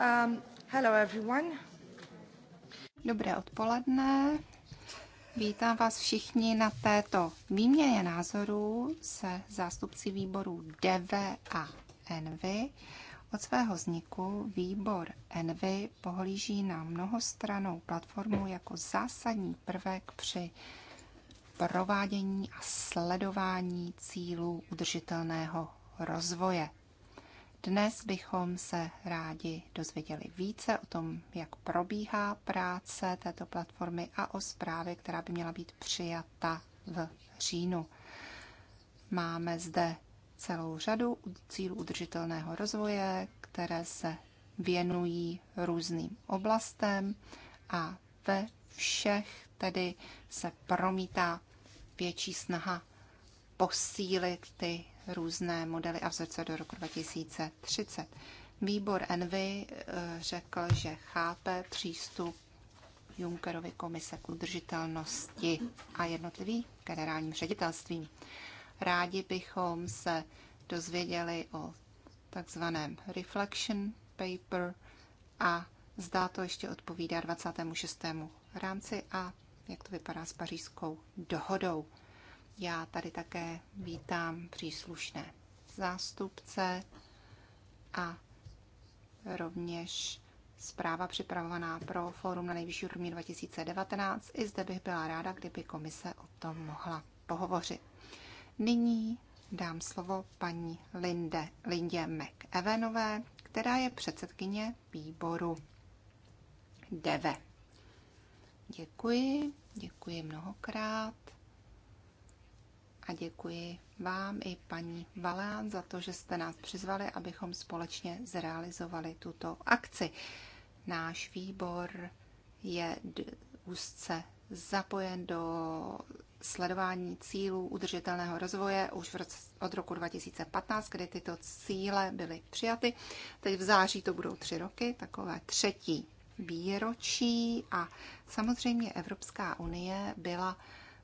Um, hello everyone. Dobré odpoledne. Vítám vás všichni na této výměně názorů se zástupci výborů DV a NV. Od svého vzniku výbor NV pohlíží na mnohostranou platformu jako zásadní prvek při provádění a sledování cílů udržitelného rozvoje. Dnes bychom se rádi dozvěděli více o tom, jak probíhá práce této platformy a o zprávě, která by měla být přijata v říjnu. Máme zde celou řadu cílů udržitelného rozvoje, které se věnují různým oblastem a ve všech tedy se promítá větší snaha posílit ty různé modely a vzorce do roku 2030. Výbor Envy e, řekl, že chápe přístup Junckerovy komise k udržitelnosti a jednotlivým generálním ředitelstvím. Rádi bychom se dozvěděli o takzvaném reflection paper a zdá to ještě odpovídá 26. rámci a jak to vypadá s pařížskou dohodou. Já tady také vítám příslušné zástupce a rovněž zpráva připravovaná pro Fórum na nejvyšší úrovni 2019. I zde bych byla ráda, kdyby komise o tom mohla pohovořit. Nyní dám slovo paní Linde, Lindě McEvenové, která je předsedkyně výboru DEVE. Děkuji, děkuji mnohokrát a děkuji vám i paní Valán za to, že jste nás přizvali, abychom společně zrealizovali tuto akci. Náš výbor je úzce zapojen do sledování cílů udržitelného rozvoje už v roce, od roku 2015, kdy tyto cíle byly přijaty. Teď v září to budou tři roky, takové třetí výročí a samozřejmě Evropská unie byla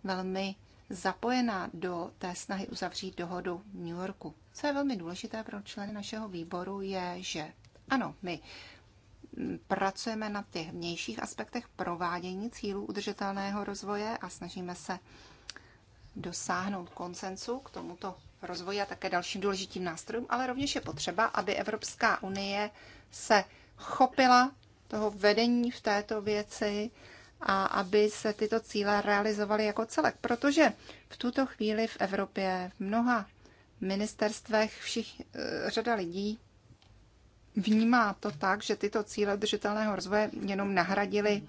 velmi zapojená do té snahy uzavřít dohodu v New Yorku. Co je velmi důležité pro členy našeho výboru je, že ano, my pracujeme na těch vnějších aspektech provádění cílů udržitelného rozvoje a snažíme se dosáhnout koncensu k tomuto rozvoji a také dalším důležitým nástrojům, ale rovněž je potřeba, aby Evropská unie se chopila toho vedení v této věci a aby se tyto cíle realizovaly jako celek, protože v tuto chvíli v Evropě v mnoha ministerstvech všich, eh, řada lidí vnímá to tak, že tyto cíle držitelného rozvoje jenom nahradily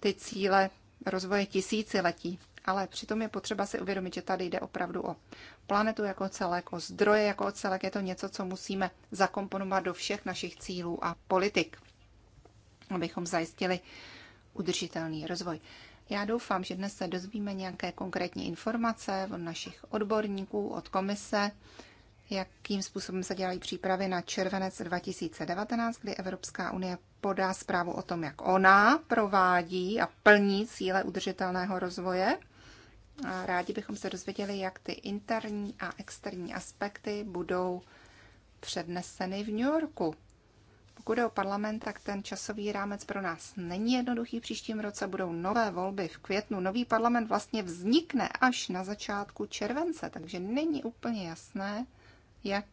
ty cíle rozvoje tisíciletí. Ale přitom je potřeba si uvědomit, že tady jde opravdu o planetu jako celek, o zdroje jako celek. Je to něco, co musíme zakomponovat do všech našich cílů a politik, abychom zajistili udržitelný rozvoj. Já doufám, že dnes se dozvíme nějaké konkrétní informace od našich odborníků, od komise, jakým způsobem se dělají přípravy na červenec 2019, kdy Evropská unie podá zprávu o tom, jak ona provádí a plní cíle udržitelného rozvoje. A rádi bychom se dozvěděli, jak ty interní a externí aspekty budou předneseny v New Yorku. Pokud je o parlament, tak ten časový rámec pro nás není jednoduchý. Příštím roce budou nové volby v květnu. Nový parlament vlastně vznikne až na začátku července, takže není úplně jasné, jak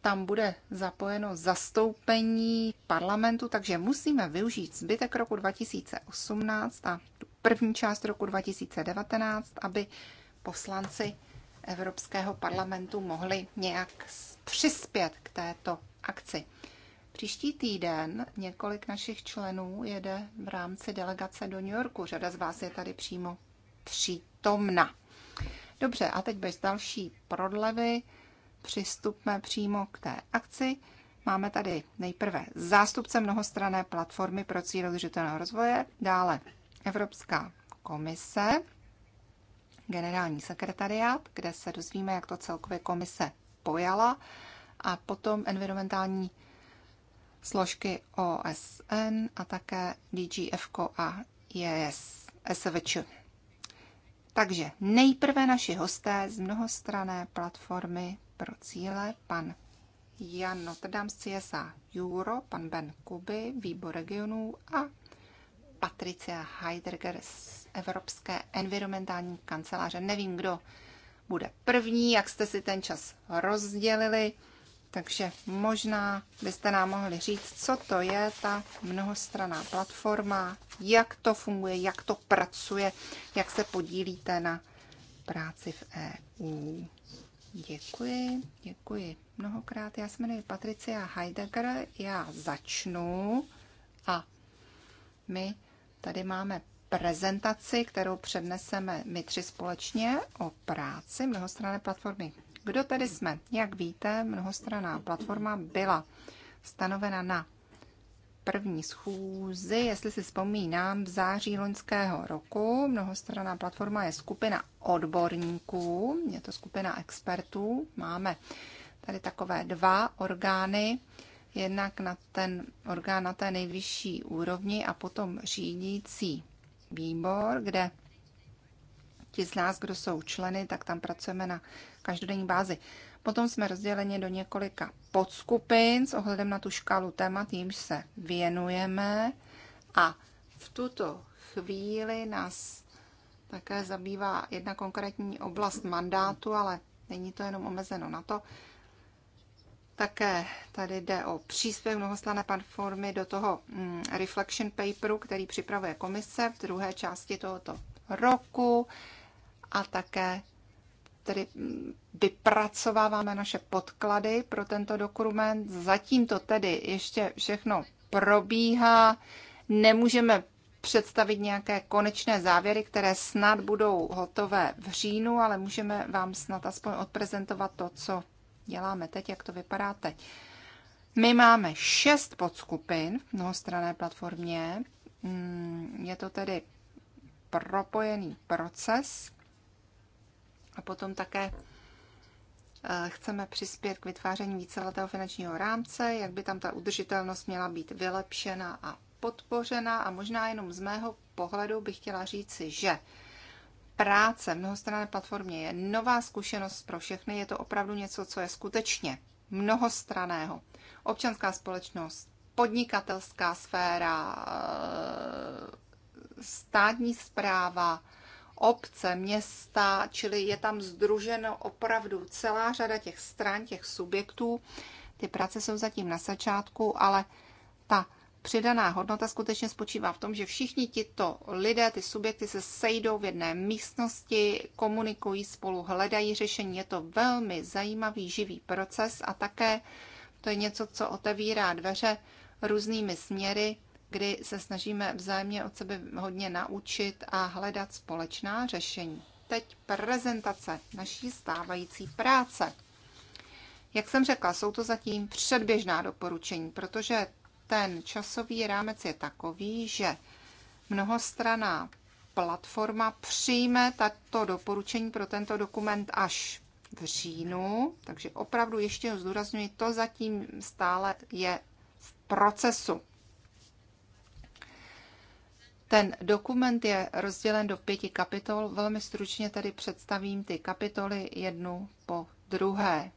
tam bude zapojeno zastoupení parlamentu, takže musíme využít zbytek roku 2018 a první část roku 2019, aby poslanci Evropského parlamentu mohli nějak přispět k této akci. Příští týden několik našich členů jede v rámci delegace do New Yorku. Řada z vás je tady přímo přítomna. Dobře, a teď bez další prodlevy přistupme přímo k té akci. Máme tady nejprve zástupce mnohostrané platformy pro cíl udržitelného rozvoje, dále Evropská komise, generální sekretariát, kde se dozvíme, jak to celkově komise pojala, a potom environmentální složky OSN a také DGFCO a JS, SVČ. Takže nejprve naši hosté z mnohostrané platformy pro cíle, pan Jan Notrdam z CSA Euro, pan Ben Kuby, výbor regionů a Patricia Heidegger z Evropské environmentální kanceláře. Nevím, kdo bude první, jak jste si ten čas rozdělili. Takže možná byste nám mohli říct, co to je ta mnohostraná platforma, jak to funguje, jak to pracuje, jak se podílíte na práci v EU. Děkuji, děkuji mnohokrát. Já se jmenuji Patricia Heidegger, já začnu a my tady máme prezentaci, kterou předneseme my tři společně o práci mnohostranné platformy kdo tedy jsme? Jak víte, mnohostraná platforma byla stanovena na první schůzi, jestli si vzpomínám, v září loňského roku. Mnohostraná platforma je skupina odborníků, je to skupina expertů. Máme tady takové dva orgány, jednak na ten orgán na té nejvyšší úrovni a potom řídící výbor, kde ti z nás, kdo jsou členy, tak tam pracujeme na každodenní bázi. Potom jsme rozděleni do několika podskupin s ohledem na tu škálu témat, jimž se věnujeme. A v tuto chvíli nás také zabývá jedna konkrétní oblast mandátu, ale není to jenom omezeno na to. Také tady jde o příspěv mnohoslané platformy do toho mm, reflection paperu, který připravuje komise v druhé části tohoto roku a také tedy mm, vypracováváme naše podklady pro tento dokument. Zatím to tedy ještě všechno probíhá. Nemůžeme představit nějaké konečné závěry, které snad budou hotové v říjnu, ale můžeme vám snad aspoň odprezentovat to, co děláme teď, jak to vypadá teď. My máme šest podskupin v mnohostrané platformě. Mm, je to tedy propojený proces, a potom také eh, chceme přispět k vytváření víceletého finančního rámce, jak by tam ta udržitelnost měla být vylepšena a podpořena. A možná jenom z mého pohledu bych chtěla říci, že práce v mnohostranné platformě je nová zkušenost pro všechny. Je to opravdu něco, co je skutečně mnohostraného. Občanská společnost, podnikatelská sféra, eh, státní zpráva, obce, města, čili je tam združeno opravdu celá řada těch stran, těch subjektů. Ty práce jsou zatím na začátku, ale ta přidaná hodnota skutečně spočívá v tom, že všichni tito lidé, ty subjekty se sejdou v jedné místnosti, komunikují spolu, hledají řešení. Je to velmi zajímavý, živý proces a také to je něco, co otevírá dveře různými směry kdy se snažíme vzájemně od sebe hodně naučit a hledat společná řešení. Teď prezentace naší stávající práce. Jak jsem řekla, jsou to zatím předběžná doporučení, protože ten časový rámec je takový, že mnohostraná platforma přijme tato doporučení pro tento dokument až v říjnu, takže opravdu ještě zdůrazňuji, to zatím stále je v procesu. Ten dokument je rozdělen do pěti kapitol. Velmi stručně tady představím ty kapitoly jednu po druhé.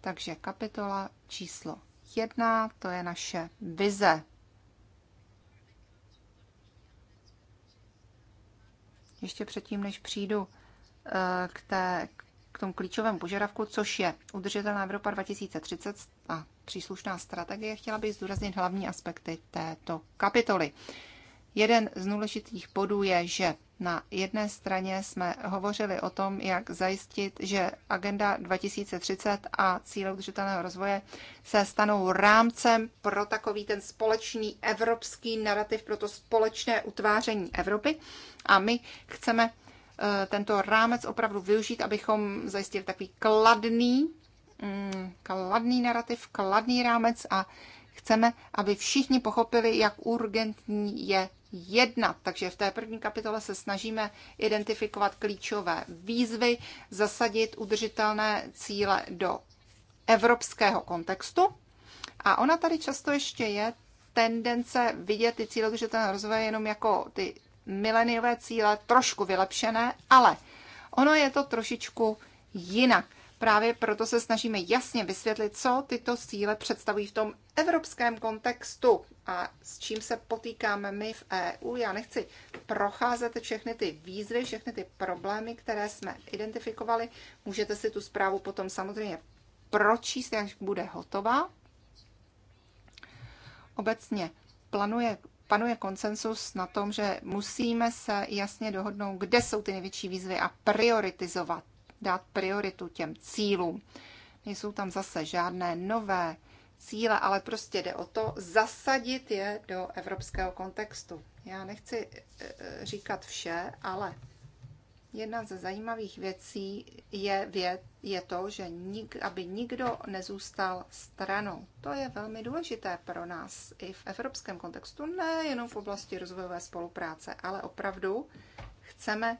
Takže kapitola číslo jedna, to je naše vize. Ještě předtím, než přijdu eh, k, té, k tomu klíčovému požadavku, což je udržitelná Evropa 2030, a příslušná strategie, chtěla bych zdůraznit hlavní aspekty této kapitoly. Jeden z důležitých bodů je, že na jedné straně jsme hovořili o tom, jak zajistit, že Agenda 2030 a cíle udržitelného rozvoje se stanou rámcem pro takový ten společný evropský narrativ, pro to společné utváření Evropy. A my chceme eh, tento rámec opravdu využít, abychom zajistili takový kladný Mm, kladný narrativ, kladný rámec a chceme, aby všichni pochopili, jak urgentní je jedna. Takže v té první kapitole se snažíme identifikovat klíčové výzvy, zasadit udržitelné cíle do evropského kontextu. A ona tady často ještě je tendence vidět ty cíle udržitelného rozvoje jenom jako ty mileniové cíle trošku vylepšené, ale ono je to trošičku jinak. Právě proto se snažíme jasně vysvětlit, co tyto cíle představují v tom evropském kontextu a s čím se potýkáme my v EU. Já nechci procházet všechny ty výzvy, všechny ty problémy, které jsme identifikovali. Můžete si tu zprávu potom samozřejmě pročíst, jak bude hotová. Obecně planuje, panuje konsensus na tom, že musíme se jasně dohodnout, kde jsou ty největší výzvy a prioritizovat dát prioritu těm cílům. Nejsou tam zase žádné nové cíle, ale prostě jde o to zasadit je do evropského kontextu. Já nechci e, e, říkat vše, ale jedna ze zajímavých věcí je, věd, je to, že nik, aby nikdo nezůstal stranou. To je velmi důležité pro nás i v evropském kontextu, nejenom v oblasti rozvojové spolupráce, ale opravdu chceme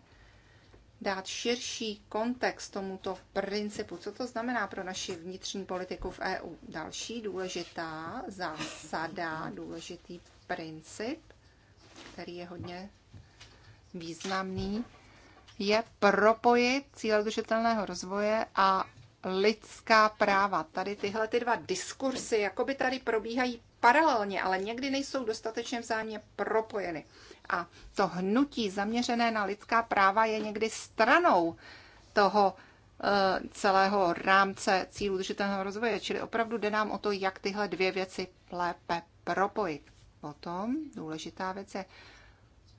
dát širší kontext tomuto principu. Co to znamená pro naši vnitřní politiku v EU? Další důležitá zásada, důležitý princip, který je hodně významný, je propojit cíle udržitelného rozvoje a lidská práva. Tady tyhle ty dva diskursy, jakoby tady probíhají paralelně, ale někdy nejsou dostatečně vzájemně propojeny. A to hnutí zaměřené na lidská práva je někdy stranou toho eh, celého rámce cílů udržitelného rozvoje. Čili opravdu jde nám o to, jak tyhle dvě věci lépe propojit. Potom důležitá věc je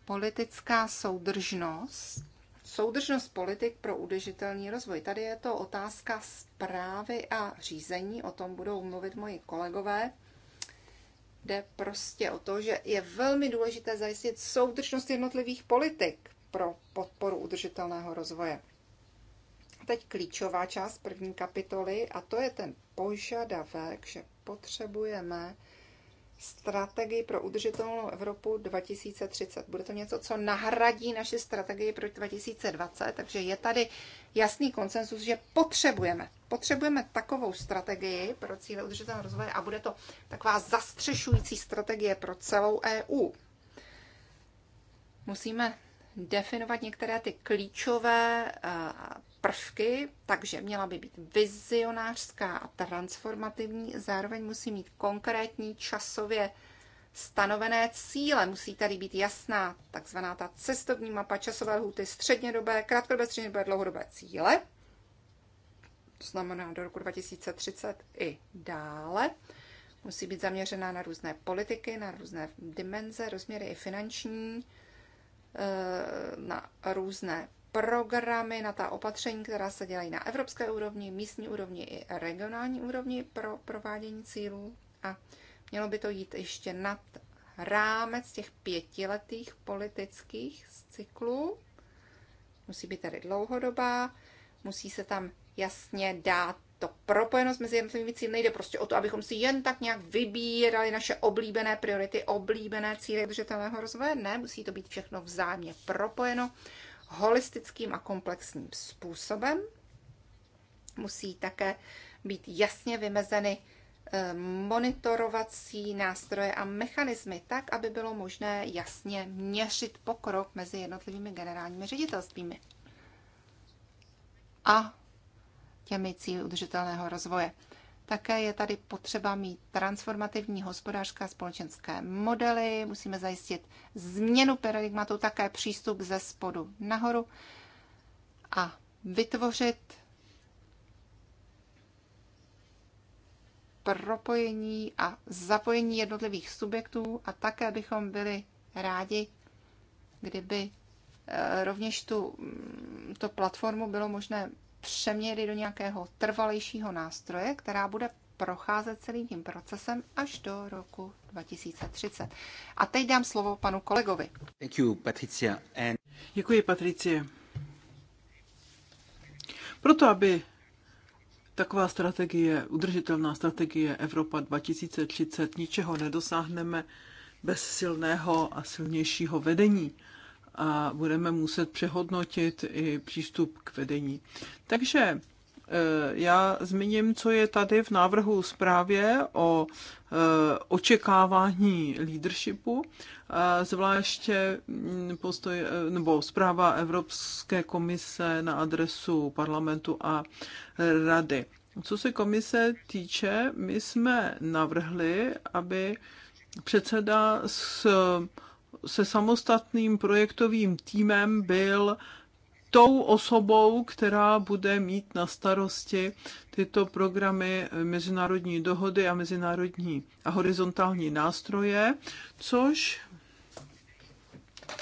politická soudržnost. Soudržnost politik pro udržitelný rozvoj. Tady je to otázka zprávy a řízení, o tom budou mluvit moji kolegové. Jde prostě o to, že je velmi důležité zajistit soudržnost jednotlivých politik pro podporu udržitelného rozvoje. Teď klíčová část první kapitoly a to je ten požadavek, že potřebujeme strategii pro udržitelnou Evropu 2030. Bude to něco, co nahradí naši strategii pro 2020, takže je tady jasný konsenzus, že potřebujeme. Potřebujeme takovou strategii pro cíle udržitelného rozvoje a bude to taková zastřešující strategie pro celou EU. Musíme definovat některé ty klíčové eh, prvky, takže měla by být vizionářská a transformativní, zároveň musí mít konkrétní časově stanovené cíle. Musí tady být jasná takzvaná ta cestovní mapa, časové lhuty, střednědobé, krátkodobé, střednědobé, dlouhodobé cíle. To znamená do roku 2030 i dále. Musí být zaměřená na různé politiky, na různé dimenze, rozměry i finanční, eh, na různé programy, na ta opatření, která se dělají na evropské úrovni, místní úrovni i regionální úrovni pro provádění cílů. A mělo by to jít ještě nad rámec těch pětiletých politických cyklů. Musí být tady dlouhodobá, musí se tam jasně dát to propojenost mezi jednotlivými cíly nejde prostě o to, abychom si jen tak nějak vybírali naše oblíbené priority, oblíbené cíle udržitelného rozvoje. Ne, musí to být všechno vzájemně propojeno holistickým a komplexním způsobem. Musí také být jasně vymezeny eh, monitorovací nástroje a mechanismy tak, aby bylo možné jasně měřit pokrok mezi jednotlivými generálními ředitelstvími a těmi cíly udržitelného rozvoje. Také je tady potřeba mít transformativní hospodářské a společenské modely, musíme zajistit změnu paradigmatu, také přístup ze spodu nahoru a vytvořit propojení a zapojení jednotlivých subjektů a také bychom byli rádi, kdyby eh, rovněž tu mm, to platformu bylo možné přeměry do nějakého trvalejšího nástroje, která bude procházet celým tím procesem až do roku 2030. A teď dám slovo panu kolegovi. Thank you, Patricia. And... Děkuji, Patricie. Proto, aby taková strategie, udržitelná strategie Evropa 2030, ničeho nedosáhneme bez silného a silnějšího vedení a budeme muset přehodnotit i přístup k vedení. Takže e, já zmíním, co je tady v návrhu zprávě o e, očekávání leadershipu, e, zvláště mm, postoj, nebo zpráva Evropské komise na adresu parlamentu a rady. Co se komise týče, my jsme navrhli, aby předseda s se samostatným projektovým týmem byl tou osobou, která bude mít na starosti tyto programy mezinárodní dohody a mezinárodní a horizontální nástroje, což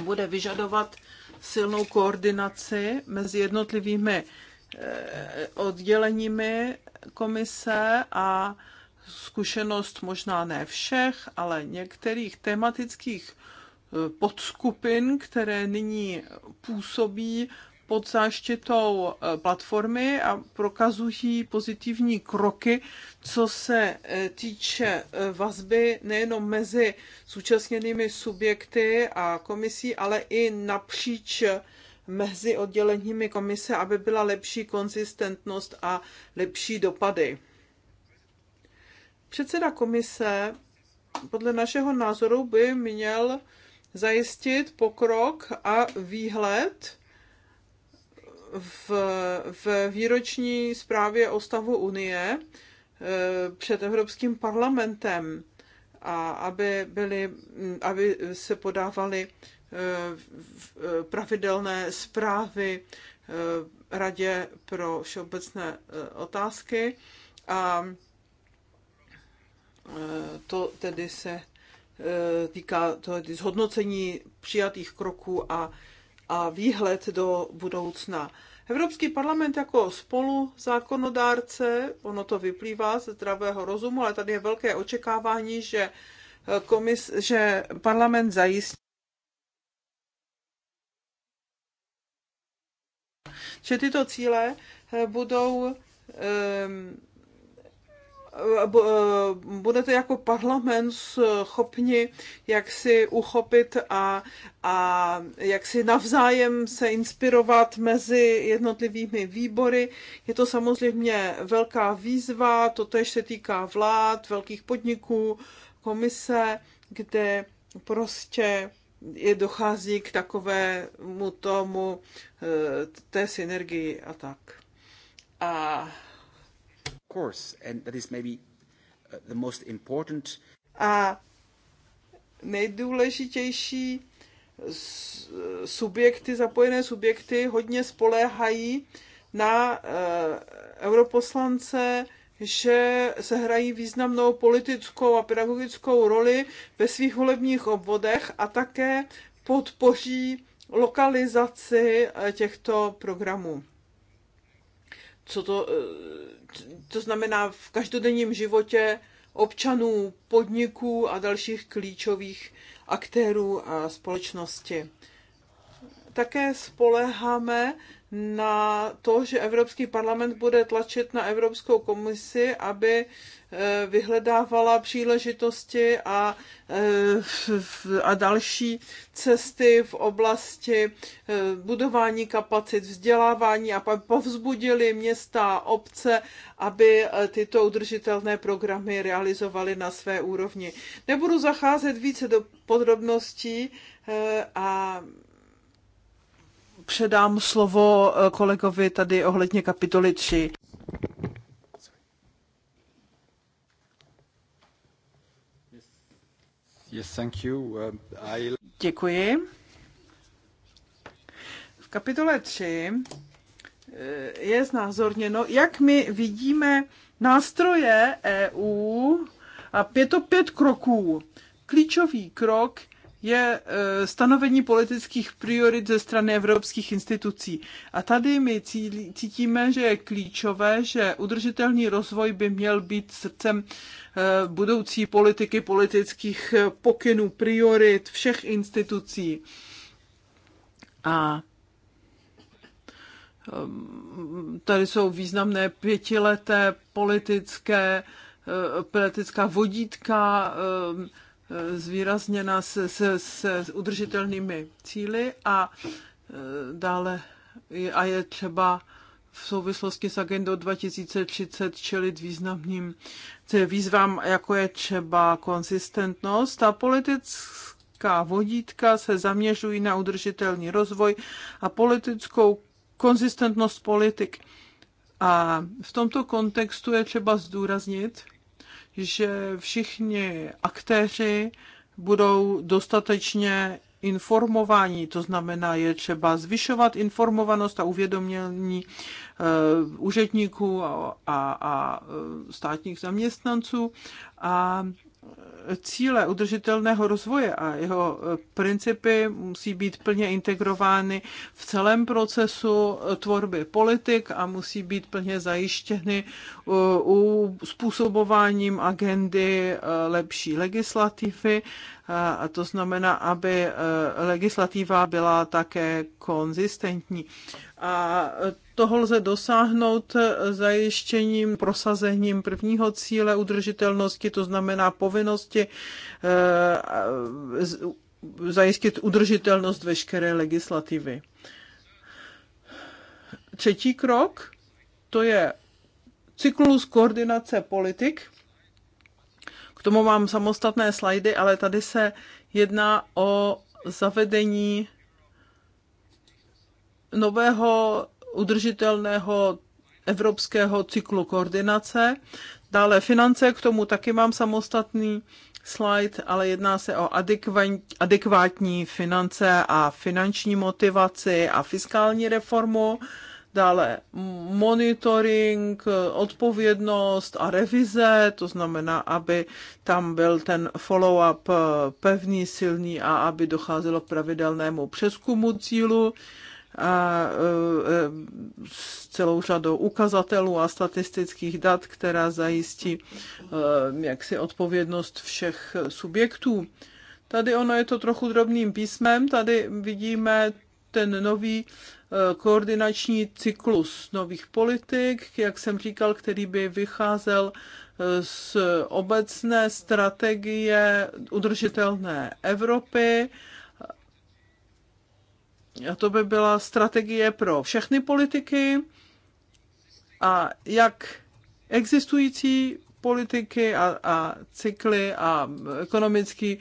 bude vyžadovat silnou koordinaci mezi jednotlivými eh, odděleními komise a zkušenost možná ne všech, ale některých tematických podskupin, které nyní působí pod záštitou eh, platformy a prokazují pozitivní kroky, co se eh, týče eh, vazby nejenom mezi zúčastněnými subjekty a komisí, ale i napříč mezi odděleními komise, aby byla lepší konzistentnost a lepší dopady. Předseda komise podle našeho názoru by měl zajistit pokrok a výhled v, v výroční zprávě o stavu Unie eh, před Evropským parlamentem a aby, byly, hm, aby se podávaly eh, eh, pravidelné zprávy Radě pro všeobecné otázky a to tedy se Eh, týká to zhodnocení přijatých kroků a, a výhled do budoucna. Evropský parlament jako spolu zákonodárce, ono to vyplývá ze zdravého rozumu, ale tady je velké očekávání, že, eh, komis, že parlament zajistí. že tyto cíle eh, budou ehm, Eh, eh, budete jako parlament eh, schopni jak si uchopit a, a jak si navzájem se inspirovat mezi jednotlivými výbory. Je to samozřejmě velká výzva, to tež se týká vlád, velkých podniků, komise, kde prostě je dochází k takovému tomu té synergii a tak. A course, and that is maybe uh, the most important. A nejdůležitější subjekty, zapojené subjekty hodně spoléhají na eh, europoslance, že se hrají významnou politickou a pedagogickou roli ve svých volebních obvodech a také podpoří lokalizaci eh, těchto programů co to, to eh, znamená v každodenním životě občanů, podniků a dalších klíčových aktérů a společnosti. Také spoleháme na to, že Evropský parlament bude tlačit na Evropskou komisi, aby eh, vyhledávala příležitosti a, eh, a další cesty v oblasti eh, budování kapacit, vzdělávání a povzbudili města, obce, aby tyto udržitelné programy realizovaly na své úrovni. Nebudu zacházet více do podrobností a předám slovo eh, kolegovi tady ohledně kapitoly 3. Yes, thank you. Uh, I... Děkuji. V kapitole 3 eh, je znázorněno, jak my vidíme nástroje EU a pět to pět kroků. Klíčový krok je eh, stanovení politických priorit ze strany evropských institucí. A tady my cítíme, že je klíčové, že udržitelný rozvoj by měl být srdcem eh, budoucí politiky, politických eh, pokynů, priorit všech institucí. A ehm, tady jsou významné pětileté politické, politická vodítka, ehm, zvýrazněna se, se, se udržitelnými cíly a e, dále a je třeba v souvislosti s agendou 2030 čelit významným výzvám, jako je třeba konsistentnost a politická vodítka se zaměřují na udržitelný rozvoj a politickou konzistentnost politik. A v tomto kontextu je třeba zdůraznit, že všichni aktéři budou dostatečně informování, to znamená, je třeba zvyšovat informovanost a uvědomění eh, úředníků a, a, a eh, státních zaměstnanců a cíle udržitelného rozvoje a jeho eh, principy musí být plně integrovány v celém procesu eh, tvorby politik a musí být plně zajištěny eh, u způsobováním agendy lepší legislativy to znamená, aby e, legislativa byla také konzistentní. A toho lze dosáhnout e, zajištěním, prosazením prvního cíle udržitelnosti, to znamená povinnosti e, zajistit udržitelnost veškeré legislativy. Třetí krok, to je cyklus koordinace politik – tomu mám samostatné slajdy, ale tady se jedná o zavedení nového udržitelného evropského cyklu koordinace. Dále finance, k tomu taky mám samostatný slide, ale jedná se o adekvátní finance a finanční motivaci a fiskální reformu dále monitoring, odpovědnost a revize, to znamená, aby tam byl ten follow-up eh, pevný, silný a aby docházelo k pravidelnému přeskumu cílu a eh, eh, s celou řadou ukazatelů a statistických dat, která zajistí jaksi odpovědnost všech subjektů. Tady ono je to trochu drobným písmem, tady vidíme ten nový koordinační cyklus nových politik, jak jsem říkal, který by vycházel eh, z obecné strategie udržitelné Evropy. A to by byla strategie pro všechny politiky a jak existující politiky a, a cykly a ekonomický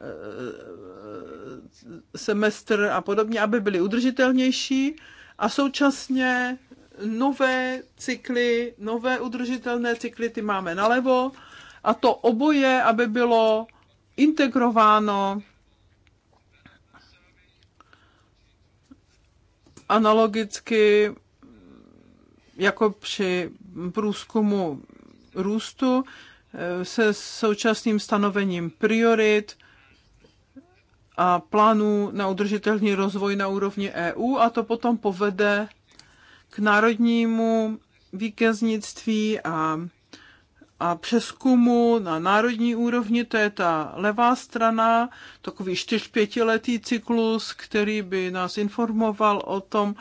Eh, semestr a podobně, aby byly udržitelnější a současně nové cykly, nové udržitelné cykly, ty máme nalevo a to oboje, aby bylo integrováno analogicky jako při průzkumu růstu eh, se současným stanovením priorit, a plánů na udržitelný rozvoj na úrovni EU a to potom povede k národnímu vítěznictví a, a přeskumu na národní úrovni, to je ta levá strana, takový čtyřpětiletý letý cyklus, který by nás informoval o tom,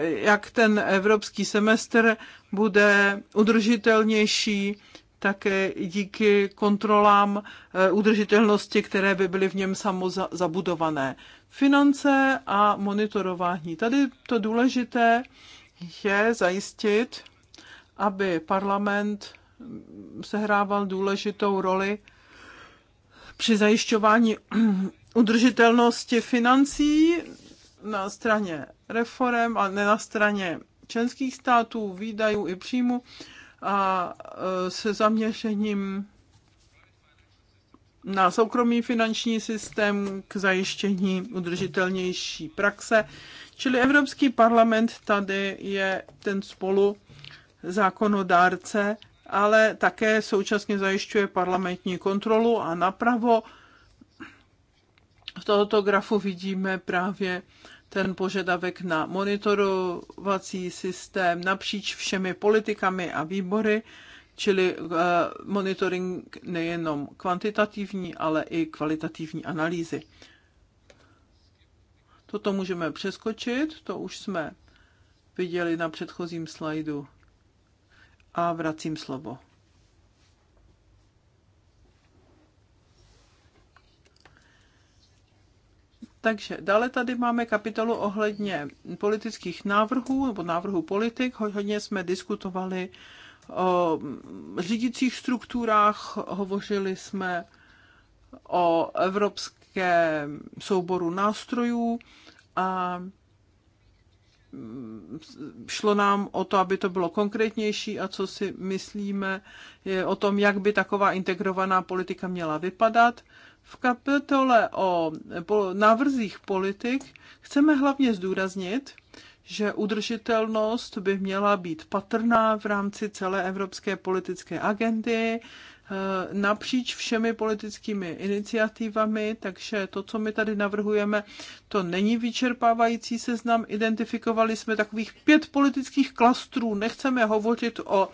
jak ten evropský semestr bude udržitelnější také díky kontrolám eh, udržitelnosti, které by byly v něm samo zabudované. Finance a monitorování. Tady to důležité je zajistit, aby parlament mm, sehrával důležitou roli při zajišťování udržitelnosti financí na straně reform a ne na straně členských států, výdajů i příjmu a e, se zaměřením na soukromý finanční systém k zajištění udržitelnější praxe. Čili Evropský parlament tady je ten spolu zákonodárce, ale také současně zajišťuje parlamentní kontrolu a napravo v tohoto grafu vidíme právě ten požadavek na monitorovací systém napříč všemi politikami a výbory, čili eh, monitoring nejenom kvantitativní, ale i kvalitativní analýzy. Toto můžeme přeskočit, to už jsme viděli na předchozím slajdu. A vracím slovo Takže dále tady máme kapitolu ohledně politických návrhů nebo návrhů politik. Hodně jsme diskutovali o řídicích strukturách, hovořili jsme o evropském souboru nástrojů a šlo nám o to, aby to bylo konkrétnější a co si myslíme je o tom, jak by taková integrovaná politika měla vypadat. V kapitole o návrzích politik chceme hlavně zdůraznit, že udržitelnost by měla být patrná v rámci celé evropské politické agendy eh, napříč všemi politickými iniciativami, takže to, co my tady navrhujeme, to není vyčerpávající seznam. Identifikovali jsme takových pět politických klastrů. Nechceme hovořit o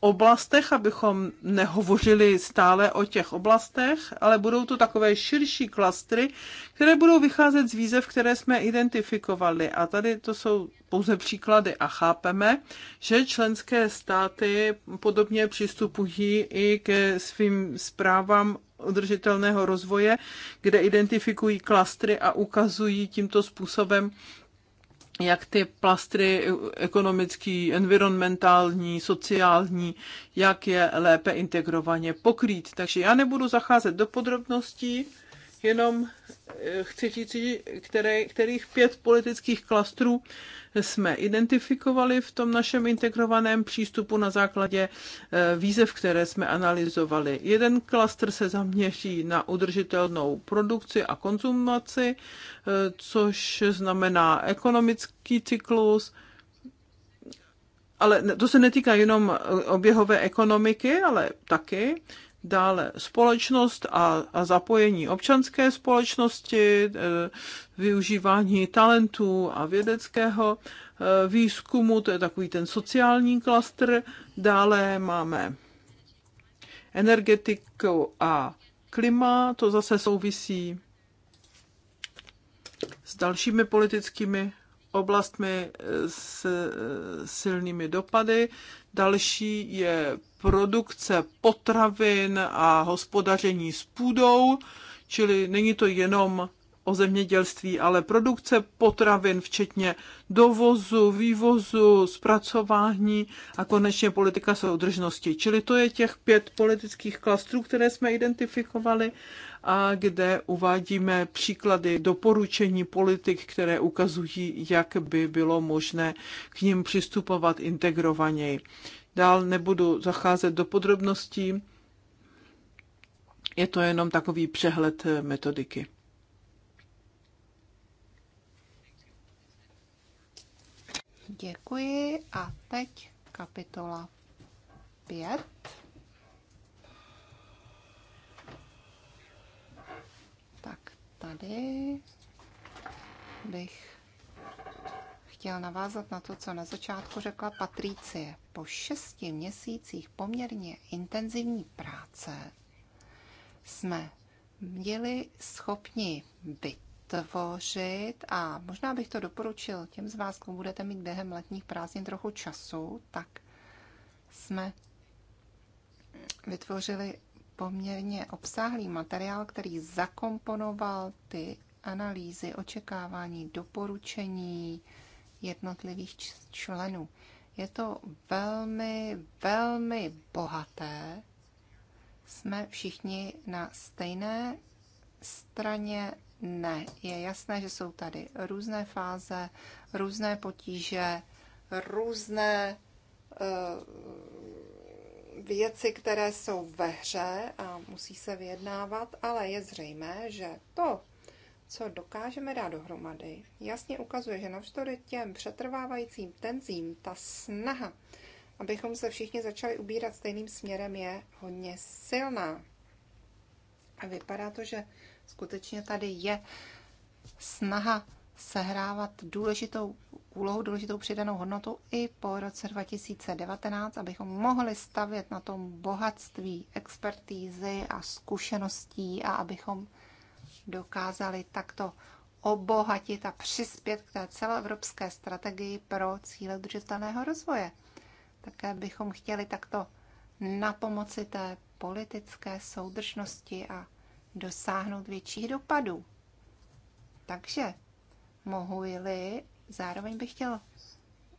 oblastech, abychom nehovořili stále o těch oblastech, ale budou to takové širší klastry, které budou vycházet z výzev, které jsme identifikovali. A tady to jsou pouze příklady a chápeme, že členské státy podobně přistupují i ke svým zprávám udržitelného rozvoje, kde identifikují klastry a ukazují tímto způsobem jak ty plastry ekonomický, environmentální, sociální, jak je lépe integrovaně pokrýt. Takže já nebudu zacházet do podrobností, jenom eh, chci říct, které, kterých pět politických klastrů jsme identifikovali v tom našem integrovaném přístupu na základě eh, výzev, které jsme analyzovali. Jeden klastr se zaměří na udržitelnou produkci a konzumaci, eh, což znamená ekonomický cyklus, ale to se netýká jenom oběhové ekonomiky, ale taky dále společnost a, a zapojení občanské společnosti, e, využívání talentů a vědeckého e, výzkumu, to je takový ten sociální klastr. Dále máme energetiku a klima, to zase souvisí s dalšími politickými oblastmi e, s silnými dopady. Další je produkce potravin a hospodaření s půdou, čili není to jenom o zemědělství, ale produkce potravin, včetně dovozu, vývozu, zpracování a konečně politika soudržnosti. Čili to je těch pět politických klastrů, které jsme identifikovali a kde uvádíme příklady doporučení politik, které ukazují, jak by bylo možné k ním přistupovat integrovaněji. Dál nebudu zacházet do podrobností, je to jenom takový přehled eh, metodiky. Děkuji a teď kapitola 5. Tak tady bych chtěl navázat na to, co na začátku řekla Patricie. Po šesti měsících poměrně intenzivní práce jsme byli schopni vytvořit, a možná bych to doporučil těm z vás, kdo budete mít během letních prázdnin trochu času, tak jsme vytvořili poměrně obsáhlý materiál, který zakomponoval ty analýzy, očekávání, doporučení, jednotlivých členů. Je to velmi, velmi bohaté. Jsme všichni na stejné straně? Ne. Je jasné, že jsou tady různé fáze, různé potíže, různé uh, věci, které jsou ve hře a musí se vyjednávat, ale je zřejmé, že to, co dokážeme dát dohromady, jasně ukazuje, že navzdory těm přetrvávajícím tenzím ta snaha, abychom se všichni začali ubírat stejným směrem, je hodně silná. A vypadá to, že skutečně tady je snaha sehrávat důležitou úlohu, důležitou přidanou hodnotu i po roce 2019, abychom mohli stavět na tom bohatství, expertízy a zkušeností a abychom dokázali takto obohatit a přispět k té celoevropské strategii pro cíle udržitelného rozvoje. Také bychom chtěli takto na pomoci té politické soudržnosti a dosáhnout větších dopadů. Takže mohu-li, zároveň bych chtěl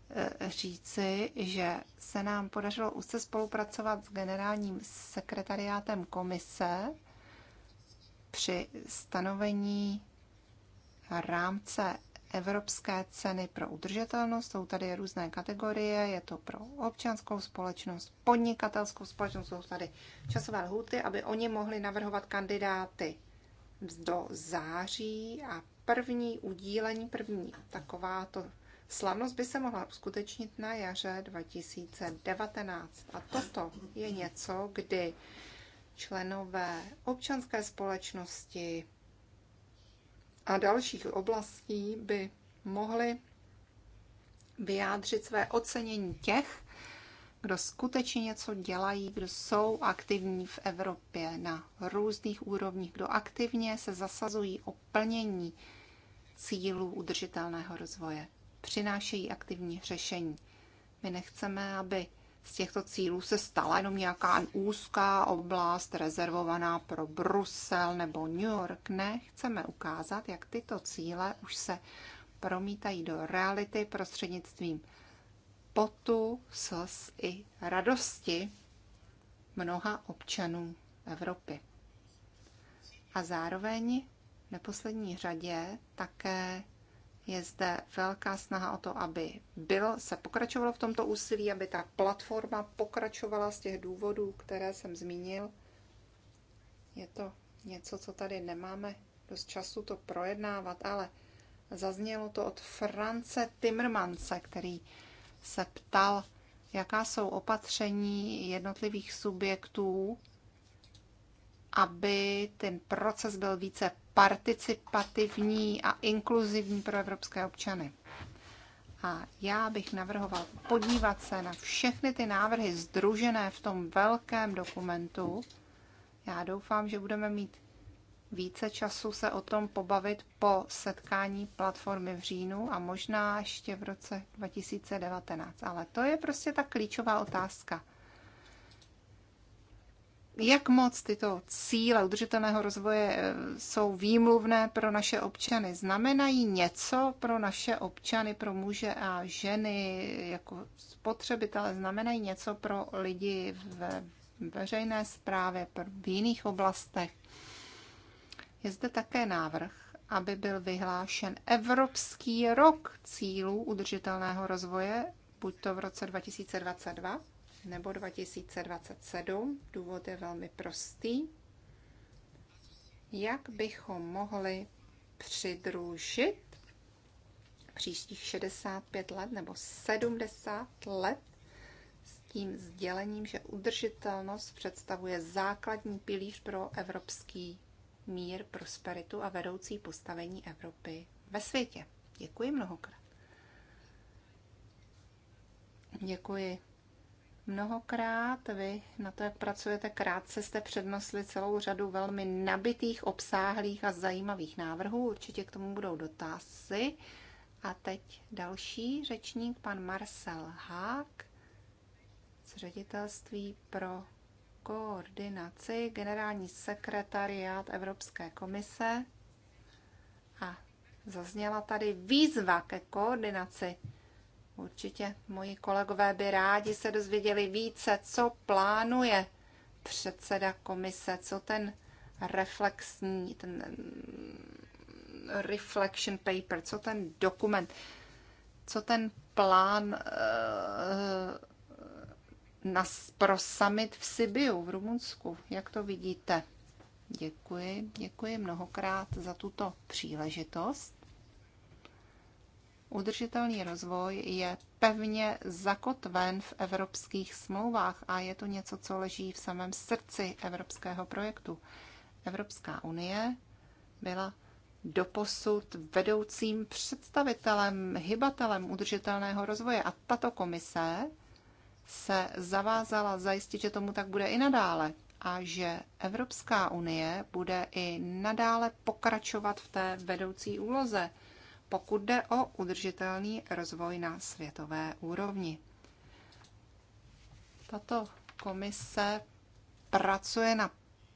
eh, říci, že se nám podařilo úzce spolupracovat s generálním sekretariátem komise, při stanovení rámce evropské ceny pro udržitelnost. Jsou tady různé kategorie, je to pro občanskou společnost, podnikatelskou společnost, jsou tady časové lhuty, aby oni mohli navrhovat kandidáty do září a první udílení, první takováto slavnost by se mohla uskutečnit na jaře 2019. A toto je něco, kdy členové občanské společnosti a dalších oblastí by mohli vyjádřit své ocenění těch, kdo skutečně něco dělají, kdo jsou aktivní v Evropě na různých úrovních, kdo aktivně se zasazují o plnění cílů udržitelného rozvoje, přinášejí aktivní řešení. My nechceme, aby z těchto cílů se stala jenom nějaká úzká oblast rezervovaná pro Brusel nebo New York. Ne, chceme ukázat, jak tyto cíle už se promítají do reality prostřednictvím potu, slz i radosti mnoha občanů Evropy. A zároveň v neposlední řadě také je zde velká snaha o to, aby bylo, se pokračovalo v tomto úsilí, aby ta platforma pokračovala z těch důvodů, které jsem zmínil. Je to něco, co tady nemáme dost času to projednávat, ale zaznělo to od France Timmermanse, který se ptal, jaká jsou opatření jednotlivých subjektů aby ten proces byl více participativní a inkluzivní pro evropské občany. A já bych navrhoval podívat se na všechny ty návrhy združené v tom velkém dokumentu. Já doufám, že budeme mít více času se o tom pobavit po setkání platformy v říjnu a možná ještě v roce 2019. Ale to je prostě ta klíčová otázka jak moc tyto cíle udržitelného rozvoje eh, jsou výmluvné pro naše občany? Znamenají něco pro naše občany, pro muže a ženy jako spotřebitele? Znamenají něco pro lidi ve veřejné správě, v jiných oblastech? Je zde také návrh, aby byl vyhlášen Evropský rok cílů udržitelného rozvoje, buď to v roce 2022 nebo 2027. Důvod je velmi prostý. Jak bychom mohli přidružit příštích 65 let nebo 70 let s tím sdělením, že udržitelnost představuje základní pilíř pro evropský mír, prosperitu a vedoucí postavení Evropy ve světě. Děkuji mnohokrát. Děkuji mnohokrát. Vy na to, jak pracujete, krátce jste přednosli celou řadu velmi nabitých, obsáhlých a zajímavých návrhů. Určitě k tomu budou dotazy. A teď další řečník, pan Marcel Hák z ředitelství pro koordinaci, generální sekretariát Evropské komise. A zazněla tady výzva ke koordinaci Určitě moji kolegové by rádi se dozvěděli více, co plánuje předseda komise, co ten reflexní, ten reflection paper, co ten dokument, co ten plán uh, na, pro summit v Sibiu, v Rumunsku, jak to vidíte? Děkuji, děkuji mnohokrát za tuto příležitost. Udržitelný rozvoj je pevně zakotven v evropských smlouvách a je to něco, co leží v samém srdci evropského projektu. Evropská unie byla doposud vedoucím představitelem, hybatelem udržitelného rozvoje a tato komise se zavázala zajistit, že tomu tak bude i nadále a že Evropská unie bude i nadále pokračovat v té vedoucí úloze pokud jde o udržitelný rozvoj na světové úrovni. Tato komise pracuje na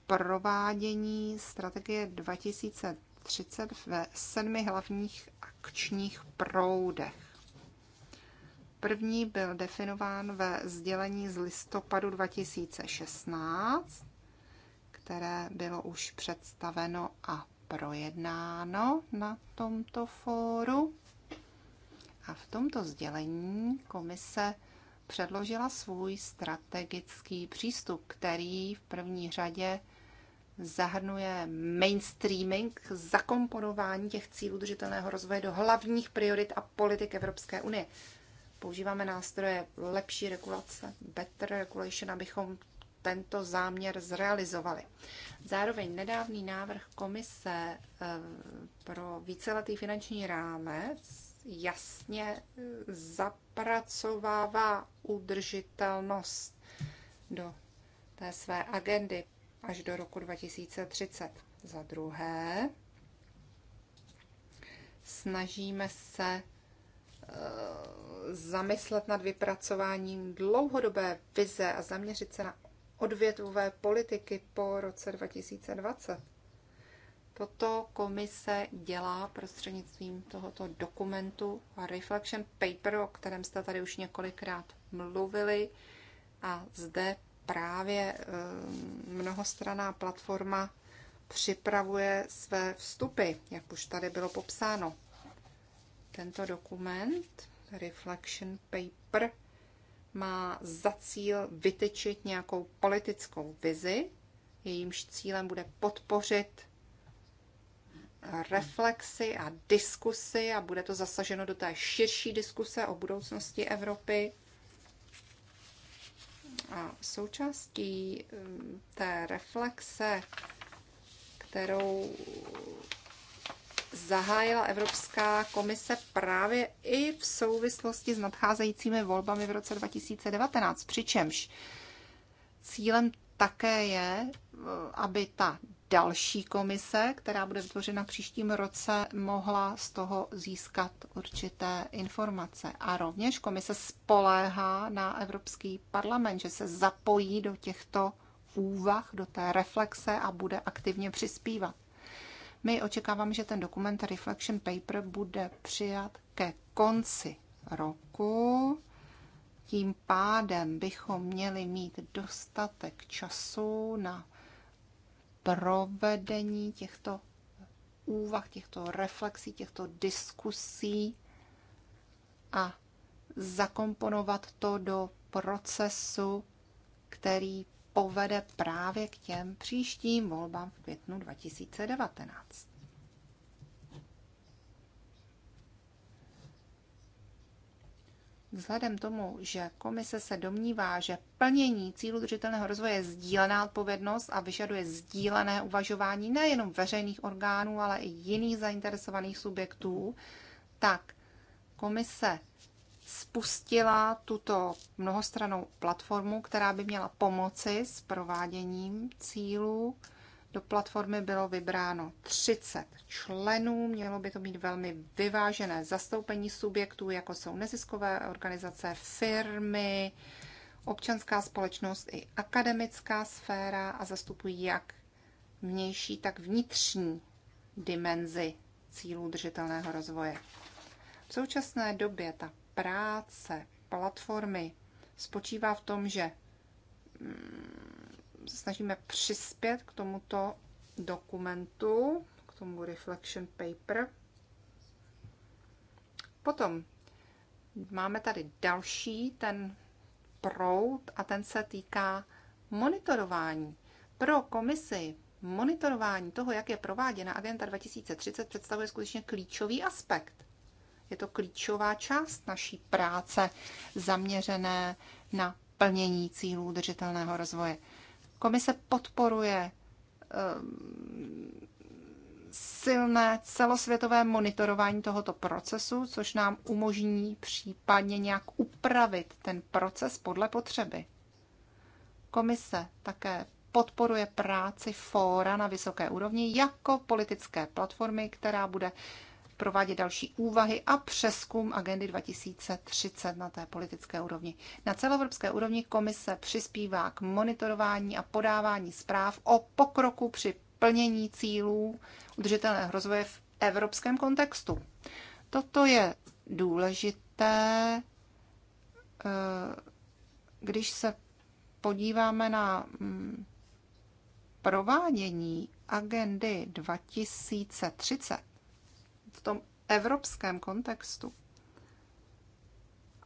provádění strategie 2030 ve sedmi hlavních akčních proudech. První byl definován ve sdělení z listopadu 2016, které bylo už představeno a projednáno na tomto fóru. A v tomto sdělení komise předložila svůj strategický přístup, který v první řadě zahrnuje mainstreaming, zakomponování těch cílů udržitelného rozvoje do hlavních priorit a politik Evropské unie. Používáme nástroje lepší regulace, better regulation, abychom tento záměr zrealizovali. Zároveň nedávný návrh komise eh, pro víceletý finanční rámec jasně eh, zapracovává udržitelnost do té své agendy až do roku 2030. Za druhé, snažíme se eh, zamyslet nad vypracováním dlouhodobé vize a zaměřit se na odvětvové politiky po roce 2020. Toto komise dělá prostřednictvím tohoto dokumentu Reflection Paper, o kterém jste tady už několikrát mluvili. A zde právě eh, mnohostraná platforma připravuje své vstupy, jak už tady bylo popsáno. Tento dokument, Reflection Paper, má za cíl vytečit nějakou politickou vizi, jejímž cílem bude podpořit reflexy a diskusy a bude to zasaženo do té širší diskuse o budoucnosti Evropy. A součástí hm, té reflexe, kterou zahájila Evropská komise právě i v souvislosti s nadcházejícími volbami v roce 2019, přičemž cílem také je, eh, aby ta další komise, která bude vytvořena příštím roce, mohla z toho získat určité informace. A rovněž komise spoléhá na Evropský parlament, že se zapojí do těchto úvah, do té reflexe a bude aktivně přispívat. My očekáváme, že ten dokument Reflection Paper bude přijat ke konci roku. Tím pádem bychom měli mít dostatek času na provedení těchto úvah, těchto reflexí, těchto diskusí a zakomponovat to do procesu, který povede právě k těm příštím volbám v květnu 2019. Vzhledem tomu, že komise se domnívá, že plnění cílů držitelného rozvoje je sdílená odpovědnost a vyžaduje sdílené uvažování nejenom veřejných orgánů, ale i jiných zainteresovaných subjektů, tak komise spustila tuto mnohostranou platformu, která by měla pomoci s prováděním cílů. Do platformy bylo vybráno 30 členů, mělo by to být velmi vyvážené zastoupení subjektů, jako jsou neziskové organizace, firmy, občanská společnost i akademická sféra a zastupují jak vnější, tak vnitřní dimenzi cílů držitelného rozvoje. V současné době ta práce platformy spočívá v tom, že mm, se snažíme přispět k tomuto dokumentu, k tomu reflection paper. Potom máme tady další ten proud a ten se týká monitorování. Pro komisi monitorování toho, jak je prováděna agenda 2030, představuje skutečně klíčový aspekt. Je to klíčová část naší práce zaměřené na plnění cílů udržitelného rozvoje. Komise podporuje eh, silné celosvětové monitorování tohoto procesu, což nám umožní případně nějak upravit ten proces podle potřeby. Komise také podporuje práci fóra na vysoké úrovni jako politické platformy, která bude provádět další úvahy a přeskum agendy 2030 na té politické úrovni. Na celoevropské úrovni komise přispívá k monitorování a podávání zpráv o pokroku při plnění cílů udržitelného rozvoje v evropském kontextu. Toto je důležité, eh, když se podíváme na mm, provádění agendy 2030 v tom evropském kontextu.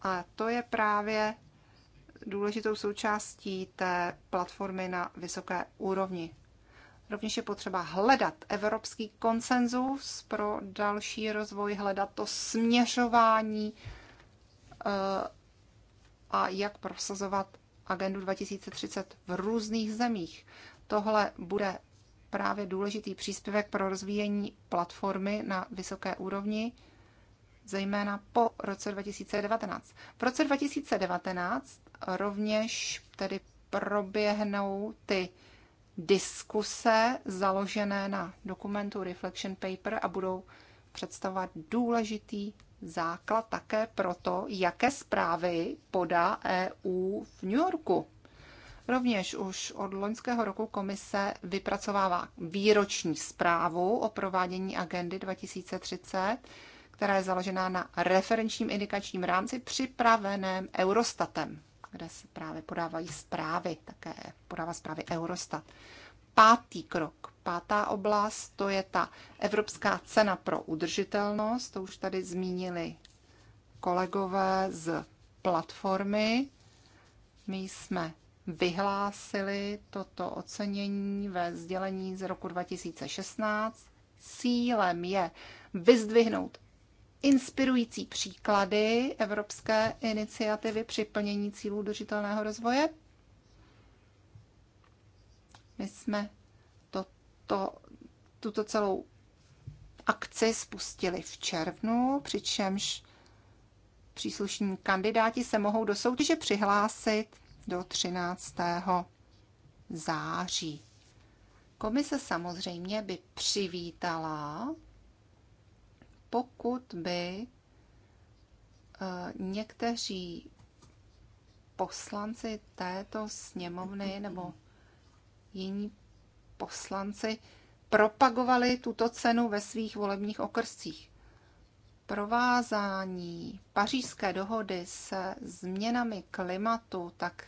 A to je právě důležitou součástí té platformy na vysoké úrovni. Rovněž je potřeba hledat evropský konsenzus pro další rozvoj, hledat to směřování eh, a jak prosazovat agendu 2030 v různých zemích. Tohle bude právě důležitý příspěvek pro rozvíjení platformy na vysoké úrovni, zejména po roce 2019. V roce 2019 rovněž tedy proběhnou ty diskuse založené na dokumentu Reflection Paper a budou představovat důležitý základ také pro to, jaké zprávy podá EU v New Yorku. Rovněž už od loňského roku komise vypracovává výroční zprávu o provádění agendy 2030, která je založená na referenčním indikačním rámci připraveném Eurostatem, kde se právě podávají zprávy, také podává zprávy Eurostat. Pátý krok, pátá oblast, to je ta Evropská cena pro udržitelnost, to už tady zmínili kolegové z platformy. My jsme vyhlásili toto ocenění ve sdělení z roku 2016. Cílem je vyzdvihnout inspirující příklady Evropské iniciativy při plnění cílů udržitelného rozvoje. My jsme to, to, tuto celou akci spustili v červnu, přičemž příslušní kandidáti se mohou do soutěže přihlásit do 13. září. Komise samozřejmě by přivítala, pokud by eh, někteří poslanci této sněmovny nebo jiní poslanci propagovali tuto cenu ve svých volebních okrscích. Provázání pařížské dohody se změnami klimatu tak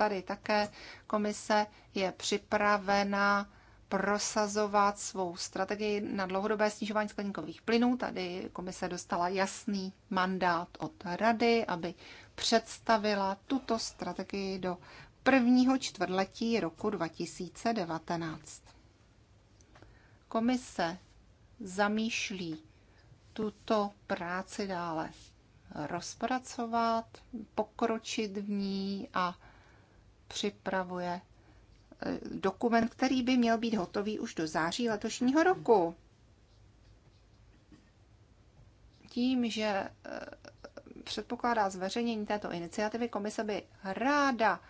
tady také komise je připravena prosazovat svou strategii na dlouhodobé snižování skleníkových plynů. Tady komise dostala jasný mandát od rady, aby představila tuto strategii do prvního čtvrtletí roku 2019. Komise zamýšlí tuto práci dále rozpracovat, pokročit v ní a připravuje eh, dokument, který by měl být hotový už do září letošního roku. Tím, že eh, předpokládá zveřejnění této iniciativy, komise by ráda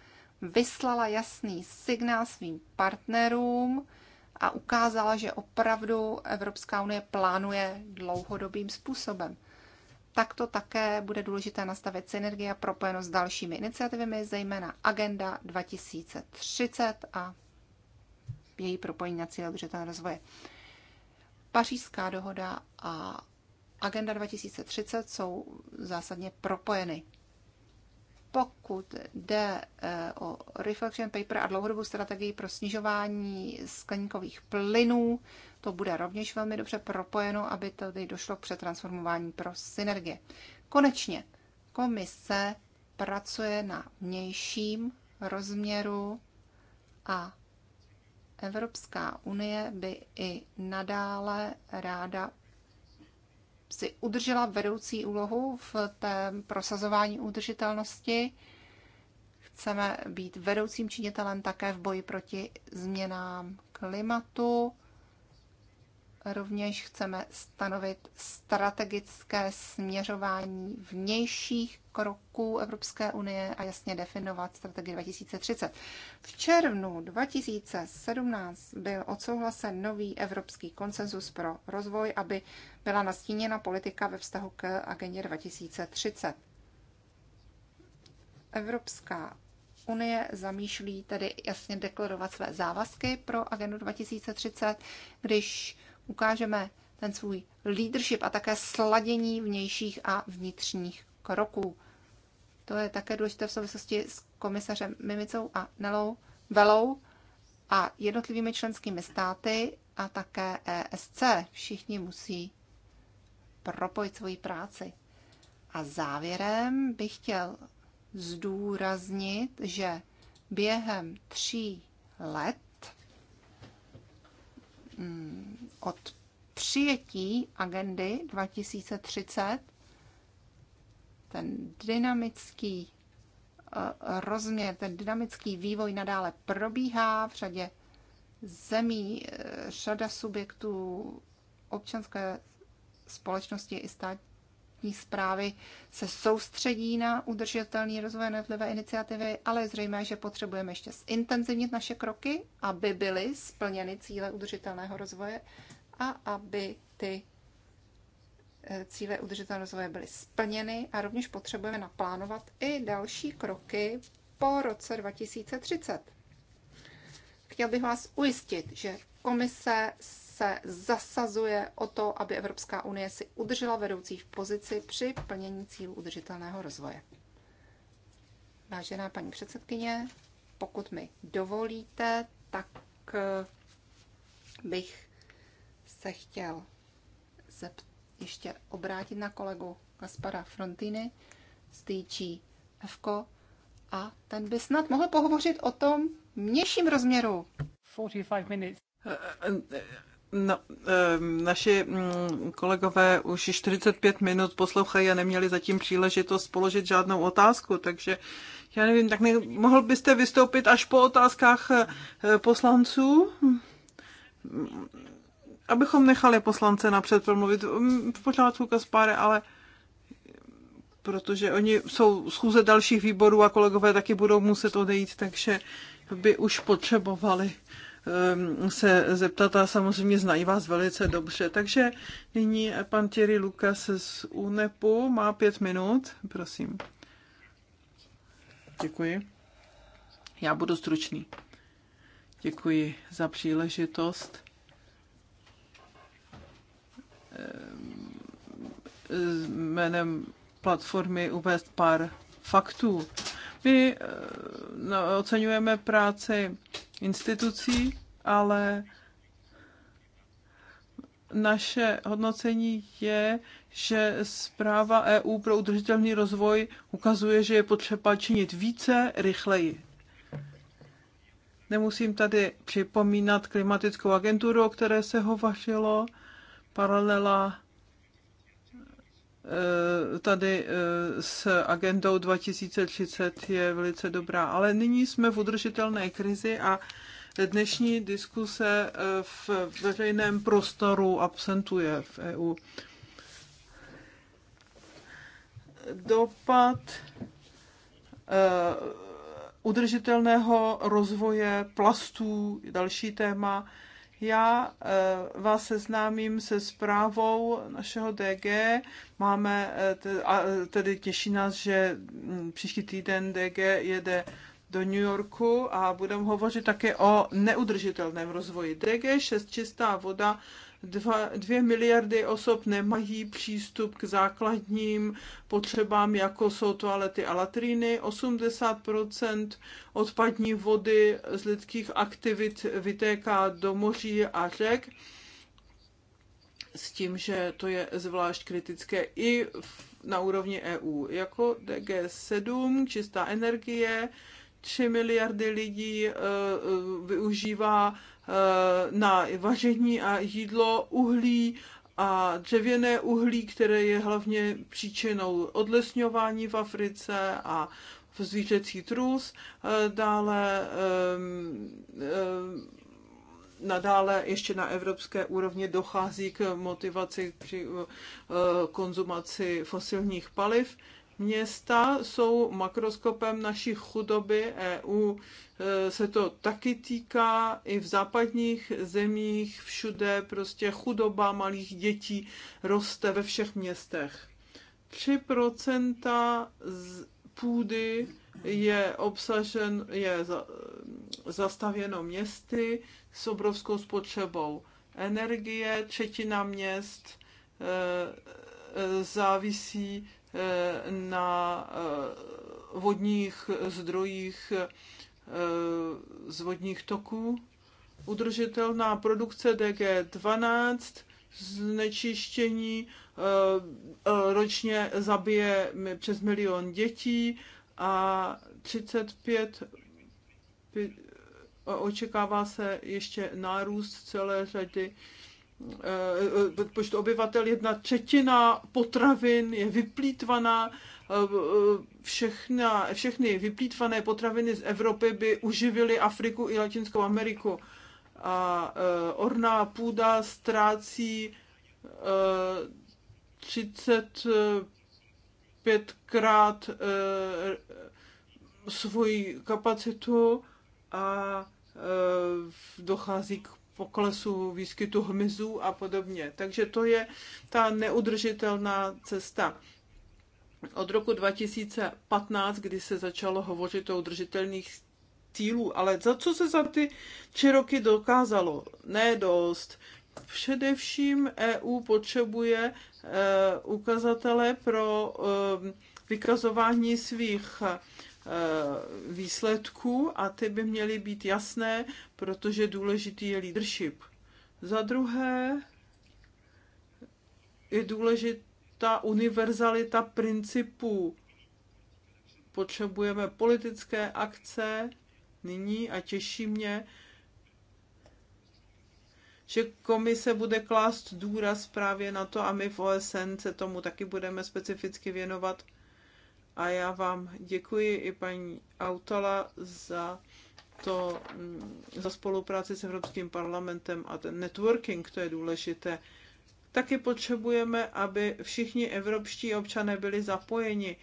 vyslala jasný signál svým partnerům a ukázala, že opravdu Evropská unie plánuje dlouhodobým způsobem. Takto také bude důležité nastavit synergie propojenost s dalšími iniciativami, zejména Agenda 2030 a její propojení na cíle udržitelného rozvoje. Pařížská dohoda a Agenda 2030 jsou zásadně propojeny. Pokud jde eh, o reflection paper a dlouhodobou strategii pro snižování skleníkových plynů, to bude rovněž velmi dobře propojeno, aby tady došlo k přetransformování pro synergie. Konečně komise pracuje na vnějším rozměru a Evropská unie by i nadále ráda si udržela vedoucí úlohu v té prosazování udržitelnosti. Chceme být vedoucím činitelem také v boji proti změnám klimatu Rovněž chceme stanovit strategické směřování vnějších kroků Evropské unie a jasně definovat strategii 2030. V červnu 2017 byl odsouhlasen nový evropský konsenzus pro rozvoj, aby byla nastíněna politika ve vztahu k agendě 2030. Evropská unie zamýšlí tedy jasně deklarovat své závazky pro agendu 2030, když ukážeme ten svůj leadership a také sladění vnějších a vnitřních kroků. To je také důležité v souvislosti s komisařem Mimicou a Nelou, Velou a jednotlivými členskými státy a také ESC. Všichni musí propojit svoji práci. A závěrem bych chtěl zdůraznit, že během tří let mm, od přijetí agendy 2030 ten dynamický eh, rozměr, ten dynamický vývoj nadále probíhá v řadě zemí, eh, řada subjektů občanské společnosti i stát, státní zprávy se soustředí na udržitelný rozvoj jednotlivé iniciativy, ale je zřejmé, že potřebujeme ještě zintenzivnit naše kroky, aby byly splněny cíle udržitelného rozvoje a aby ty eh, cíle udržitelného rozvoje byly splněny a rovněž potřebujeme naplánovat i další kroky po roce 2030. Chtěl bych vás ujistit, že komise se zasazuje o to, aby Evropská unie si udržela vedoucí v pozici při plnění cílů udržitelného rozvoje. Vážená paní předsedkyně, pokud mi dovolíte, tak eh, bych se chtěl ještě obrátit na kolegu Kaspara Frontiny z DG FCO a ten by snad mohl pohovořit o tom mnějším rozměru. 45 minut. Eh, eh, No, ehm, naši mm, kolegové už 45 minut poslouchají a neměli zatím příležitost položit žádnou otázku, takže já nevím, tak ne, mohl byste vystoupit až po otázkách eh, poslanců? Abychom nechali poslance napřed promluvit. Mm, v pořádku Kaspáre, ale protože oni jsou schůze dalších výborů a kolegové taky budou muset odejít, takže by už potřebovali Ehm, se zeptat a samozřejmě znají vás velice dobře. Takže nyní pan Thierry Lukas z UNEPu má pět minut, prosím. Děkuji. Já budu stručný. Děkuji za příležitost ehm, jménem platformy uvést pár faktů. My eh, no, oceňujeme práci institucí, ale naše hodnocení je, že zpráva EU pro udržitelný rozvoj ukazuje, že je potřeba činit více, rychleji. Nemusím tady připomínat klimatickou agenturu, o které se hovařilo, paralela Eh, tady eh, s agendou 2030 je velice dobrá. Ale nyní jsme v udržitelné krizi a dnešní diskuse eh, v veřejném prostoru absentuje v EU. Dopad udržitelného rozvoje plastů, další téma, já eh, vás seznámím se zprávou našeho DG. Máme, eh, a eh, tedy těší nás, že mm, příští týden DG jede do New Yorku a budeme hovořit také o neudržitelném rozvoji. DG6 čistá voda Dva, dvě miliardy osob nemají přístup k základním potřebám, jako jsou toalety a latriny. 80 odpadní vody z lidských aktivit vytéká do moří a řek s tím, že to je zvlášť kritické i na úrovni EU. Jako DG7, čistá energie, 3 miliardy lidí eh, eh, využívá eh, na vaření a jídlo uhlí a dřevěné uhlí, které je hlavně příčinou odlesňování v Africe a v zvířecí trus. Dále ehm, ehm, nadále ještě na evropské úrovni dochází k motivaci při konzumaci fosilních paliv. Města jsou makroskopem naší chudoby EU. E, se to taky týká i v západních zemích, všude prostě chudoba malých dětí roste ve všech městech. 3% z půdy je obsažen, je za, zastavěno městy s obrovskou spotřebou energie, třetina měst e, e, závisí na eh, vodních zdrojích eh, z vodních toků. Udržitelná produkce DG12 znečištění eh, ročně zabije přes milion dětí a 35 očekává se ještě nárůst celé řady Eh, eh, počtu obyvatel, jedna třetina potravin je vyplýtvaná, eh, všechna, všechny vyplýtvané potraviny z Evropy by uživily Afriku i Latinskou Ameriku. A orná půda ztrácí 35krát svoji kapacitu a dochází k poklesu výskytu hmyzů a podobně. Takže to je ta neudržitelná cesta. Od roku 2015, kdy se začalo hovořit o udržitelných cílů, ale za co se za ty tři roky dokázalo? Ne dost. Především EU potřebuje e, ukazatele pro e, vykazování svých Eh, výsledků a ty by měly být jasné, protože důležitý je leadership. Za druhé je důležitá univerzalita principů. Potřebujeme politické akce nyní a těší mě, že komise bude klást důraz právě na to a my v OSN se tomu taky budeme specificky věnovat a já vám děkuji i paní Autala za to, mm, za spolupráci s Evropským parlamentem a ten networking, to je důležité. Taky potřebujeme, aby všichni evropští občané byli zapojeni.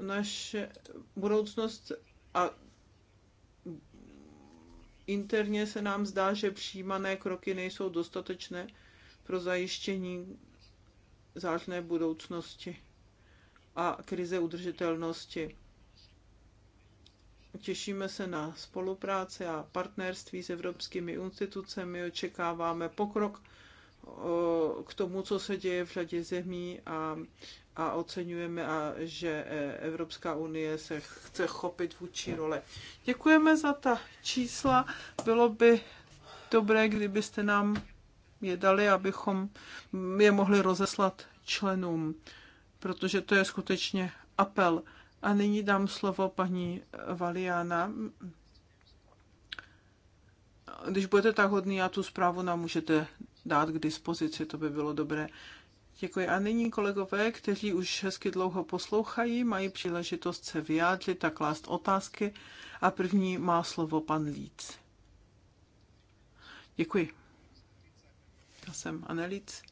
Naše budoucnost a interně se nám zdá, že přijímané kroky nejsou dostatečné pro zajištění zážné budoucnosti a krize udržitelnosti. Těšíme se na spolupráci a partnerství s evropskými institucemi, očekáváme pokrok k tomu, co se děje v řadě zemí a, a oceňujeme, a, že e, Evropská unie se chce chopit vůči role. Děkujeme za ta čísla. Bylo by dobré, kdybyste nám je dali, abychom je mohli rozeslat členům protože to je skutečně apel. A nyní dám slovo paní Valiana. Když budete tak hodný a tu zprávu nám můžete dát k dispozici, to by bylo dobré. Děkuji. A nyní kolegové, kteří už hezky dlouho poslouchají, mají příležitost se vyjádřit a klást otázky. A první má slovo pan Líc. Děkuji. Já jsem Anelíc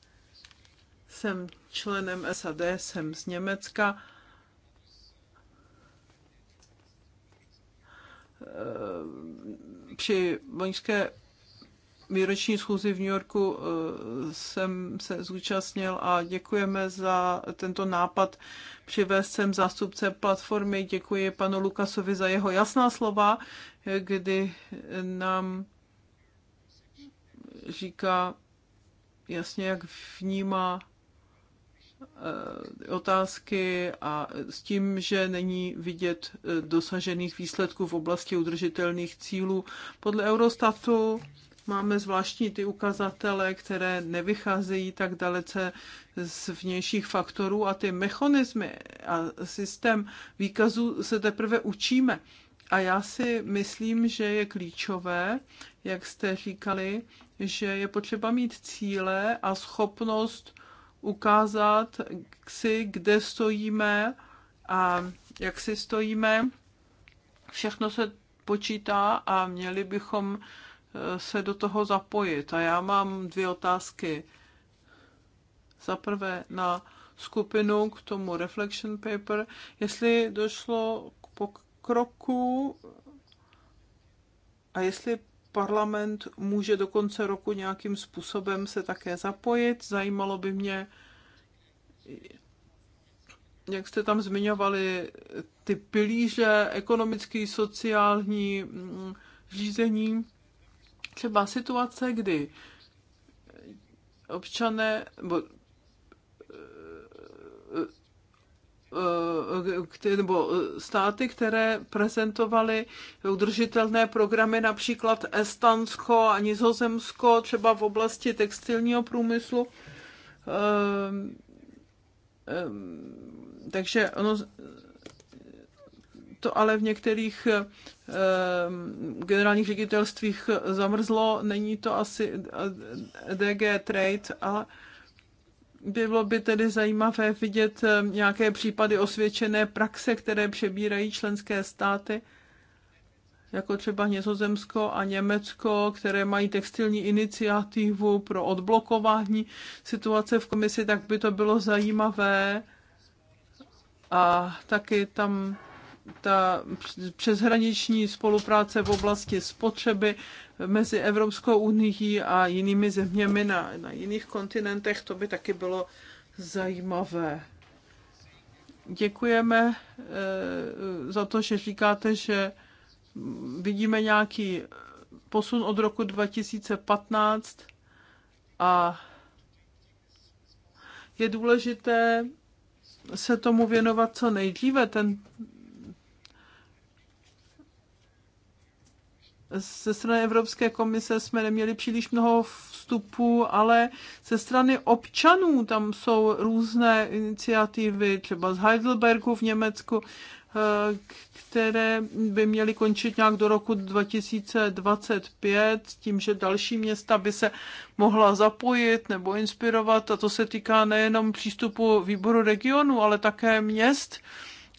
jsem členem SAD, jsem z Německa. Eh, při loňské výroční schůzi v New Yorku eh, jsem se zúčastnil a děkujeme za tento nápad přivést sem zástupce platformy. Děkuji panu Lukasovi za jeho jasná slova, kdy nám říká jasně, jak vnímá Eh, otázky a s tím, že není vidět eh, dosažených výsledků v oblasti udržitelných cílů. Podle Eurostatu máme zvláštní ty ukazatele, které nevycházejí tak dalece z vnějších faktorů a ty mechanismy a systém výkazu se teprve učíme. A já si myslím, že je klíčové, jak jste říkali, že je potřeba mít cíle a schopnost ukázat si, kde stojíme a jak si stojíme. Všechno se počítá a měli bychom eh, se do toho zapojit. A já mám dvě otázky. Za prvé na skupinu k tomu reflection paper, jestli došlo k pokroku a jestli parlament může do konce roku nějakým způsobem se také zapojit. Zajímalo by mě, jak jste tam zmiňovali, ty pilíře ekonomický, sociální mm, řízení, třeba situace, kdy občané, Eh, nebo eh, státy, které prezentovaly udržitelné programy, například Estonsko a Nizozemsko, třeba v oblasti textilního průmyslu. Eh, takže ono, to ale v některých generálních ředitelstvích zamrzlo, není to asi DG Trade, ale bylo by tedy zajímavé vidět eh, nějaké případy osvědčené praxe, které přebírají členské státy, jako třeba Nězozemsko a Německo, které mají textilní iniciativu pro odblokování situace v komisi, tak by to bylo zajímavé. A taky tam ta přeshraniční spolupráce v oblasti spotřeby mezi Evropskou unii a jinými zeměmi na, na jiných kontinentech, to by taky bylo zajímavé. Děkujeme eh, za to, že říkáte, že vidíme nějaký posun od roku 2015 a je důležité se tomu věnovat co nejdříve. Ten ze strany Evropské komise jsme neměli příliš mnoho vstupů, ale ze strany občanů tam jsou různé iniciativy, třeba z Heidelbergu v Německu, eh, které by měly končit nějak do roku 2025, tím, že další města by se mohla zapojit nebo inspirovat. A to se týká nejenom přístupu výboru regionu, ale také měst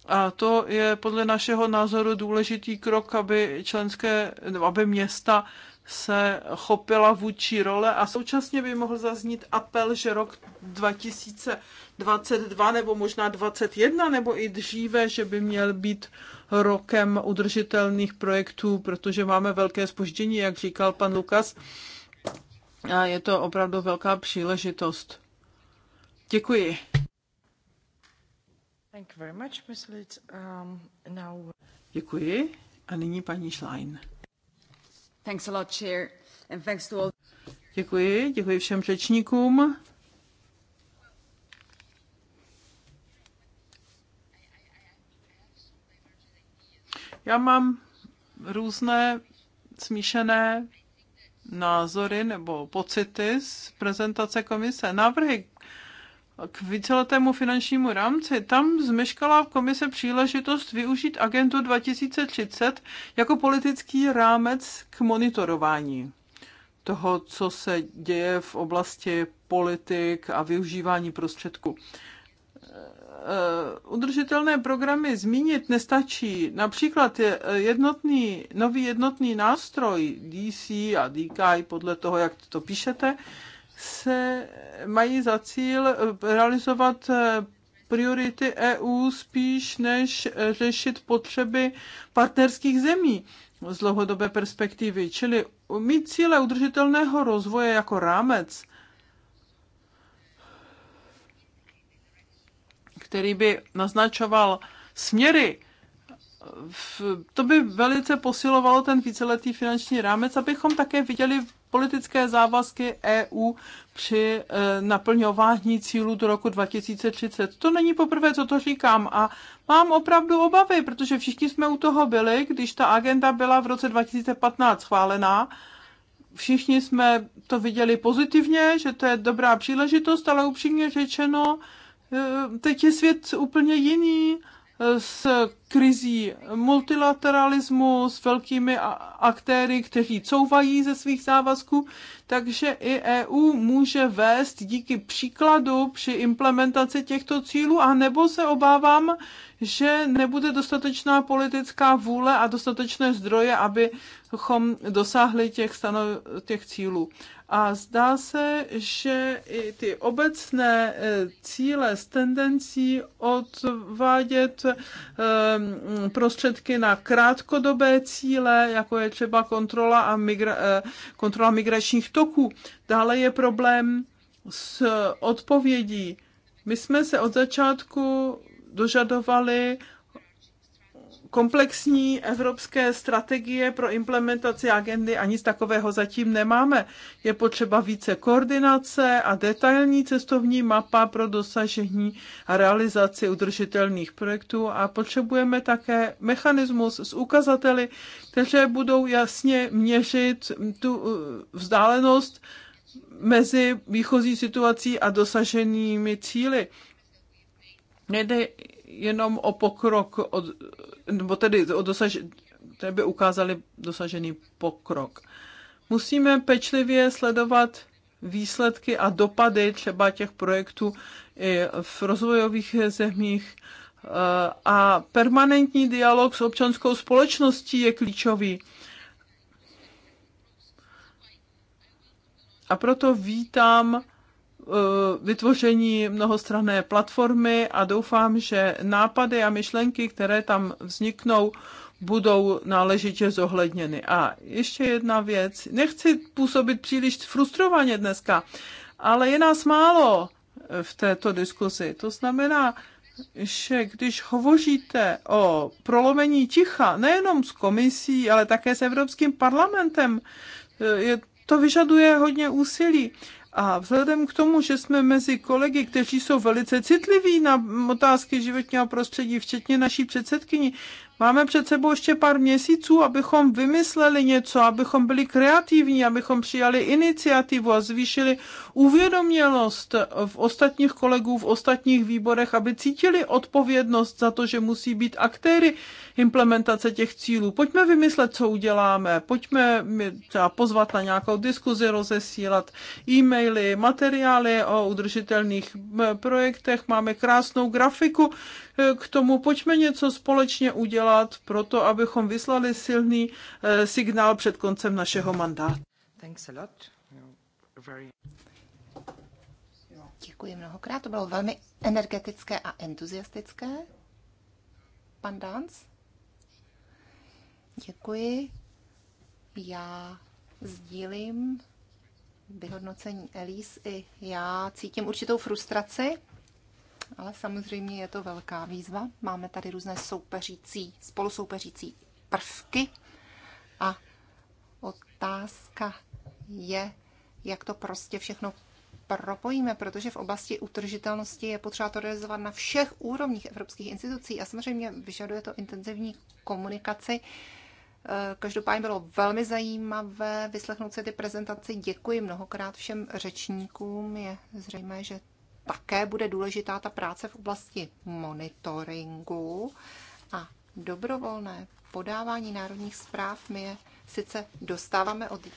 a to je podle našeho názoru důležitý krok, aby členské, aby města se chopila vůči role a současně by mohl zaznít apel, že rok 2022 nebo možná 2021 nebo i dříve, že by měl být rokem udržitelných projektů, protože máme velké spoždění, jak říkal pan Lukas. A je to opravdu velká příležitost. Děkuji. Thank you very much, um, Děkuji. A nyní paní Schlein. Thanks a lot, Chair. And thanks to all... Děkuji, děkuji všem řečníkům. Já mám různé smíšené názory nebo pocity z prezentace komise. Návrhy k víceletému finančnímu rámci, tam zmeškala komise příležitost využít agentu 2030 jako politický rámec k monitorování toho, co se děje v oblasti politik a využívání prostředků. Eh, udržitelné programy zmínit nestačí. Například je eh, jednotný, nový jednotný nástroj DC a DKI podle toho, jak to píšete, se mají za cíl realizovat priority EU spíš než řešit potřeby partnerských zemí z dlouhodobé perspektivy, čili mít cíle udržitelného rozvoje jako rámec, který by naznačoval směry, to by velice posilovalo ten víceletý finanční rámec, abychom také viděli politické závazky EU při eh, naplňování cílů do roku 2030. To není poprvé, co to říkám a mám opravdu obavy, protože všichni jsme u toho byli, když ta agenda byla v roce 2015 schválená. Všichni jsme to viděli pozitivně, že to je dobrá příležitost, ale upřímně řečeno, eh, teď je svět úplně jiný eh, s krizí multilateralismu s velkými aktéry, kteří couvají ze svých závazků, takže i EU může vést díky příkladu při implementaci těchto cílů a nebo se obávám, že nebude dostatečná politická vůle a dostatečné zdroje, abychom dosáhli těch, stano, těch cílů. A zdá se, že i ty obecné eh, cíle s tendencí odvádět eh, Eh, prostředky na krátkodobé cíle, jako je třeba kontrola, a migra, eh, kontrola migračních toků. Dále je problém s odpovědí. My jsme se od začátku dožadovali komplexní evropské strategie pro implementaci agendy a nic takového zatím nemáme. Je potřeba více koordinace a detailní cestovní mapa pro dosažení a realizaci udržitelných projektů a potřebujeme také mechanismus s ukazateli, které budou jasně měřit tu uh, vzdálenost mezi výchozí situací a dosaženými cíly. Nejde jenom o pokrok, od, nebo tedy o dosaž, které by ukázali dosažený pokrok. Musíme pečlivě sledovat výsledky a dopady třeba těch projektů i v rozvojových zemích a permanentní dialog s občanskou společností je klíčový. A proto vítám Eh, vytvoření mnohostrané platformy a doufám, že nápady a myšlenky, které tam vzniknou, budou náležitě zohledněny. A ještě jedna věc. Nechci působit příliš frustrovaně dneska, ale je nás málo eh, v této diskuzi. To znamená, že když hovoříte o prolomení ticha, nejenom s komisí, ale také s Evropským parlamentem, eh, je, to vyžaduje hodně úsilí. A vzhledem k tomu, že jsme mezi kolegy, kteří jsou velice citliví na otázky životního prostředí, včetně naší předsedkyni, Máme před sebou ještě pár měsíců, abychom vymysleli něco, abychom byli kreativní, abychom přijali iniciativu a zvýšili uvědomělost v ostatních kolegů, v ostatních výborech, aby cítili odpovědnost za to, že musí být aktéry implementace těch cílů. Pojďme vymyslet, co uděláme, pojďme třeba pozvat na nějakou diskuzi, rozesílat e-maily, materiály o udržitelných projektech, máme krásnou grafiku, E, k tomu. Pojďme něco společně udělat pro to, abychom vyslali silný e, signál před koncem našeho mandátu. Děkuji mnohokrát, to bylo velmi energetické a entuziastické. Pan Danc? Děkuji. Já sdílím vyhodnocení Elise i já cítím určitou frustraci, ale samozřejmě je to velká výzva. Máme tady různé soupeřící, spolusoupeřící prvky a otázka je, jak to prostě všechno propojíme, protože v oblasti utržitelnosti je potřeba to realizovat na všech úrovních evropských institucí a samozřejmě vyžaduje to intenzivní komunikaci. Eh, každopádně bylo velmi zajímavé vyslechnout se ty prezentaci. Děkuji mnohokrát všem řečníkům. Je zřejmé, že také bude důležitá ta práce v oblasti monitoringu a dobrovolné podávání národních zpráv. My je sice dostáváme od e,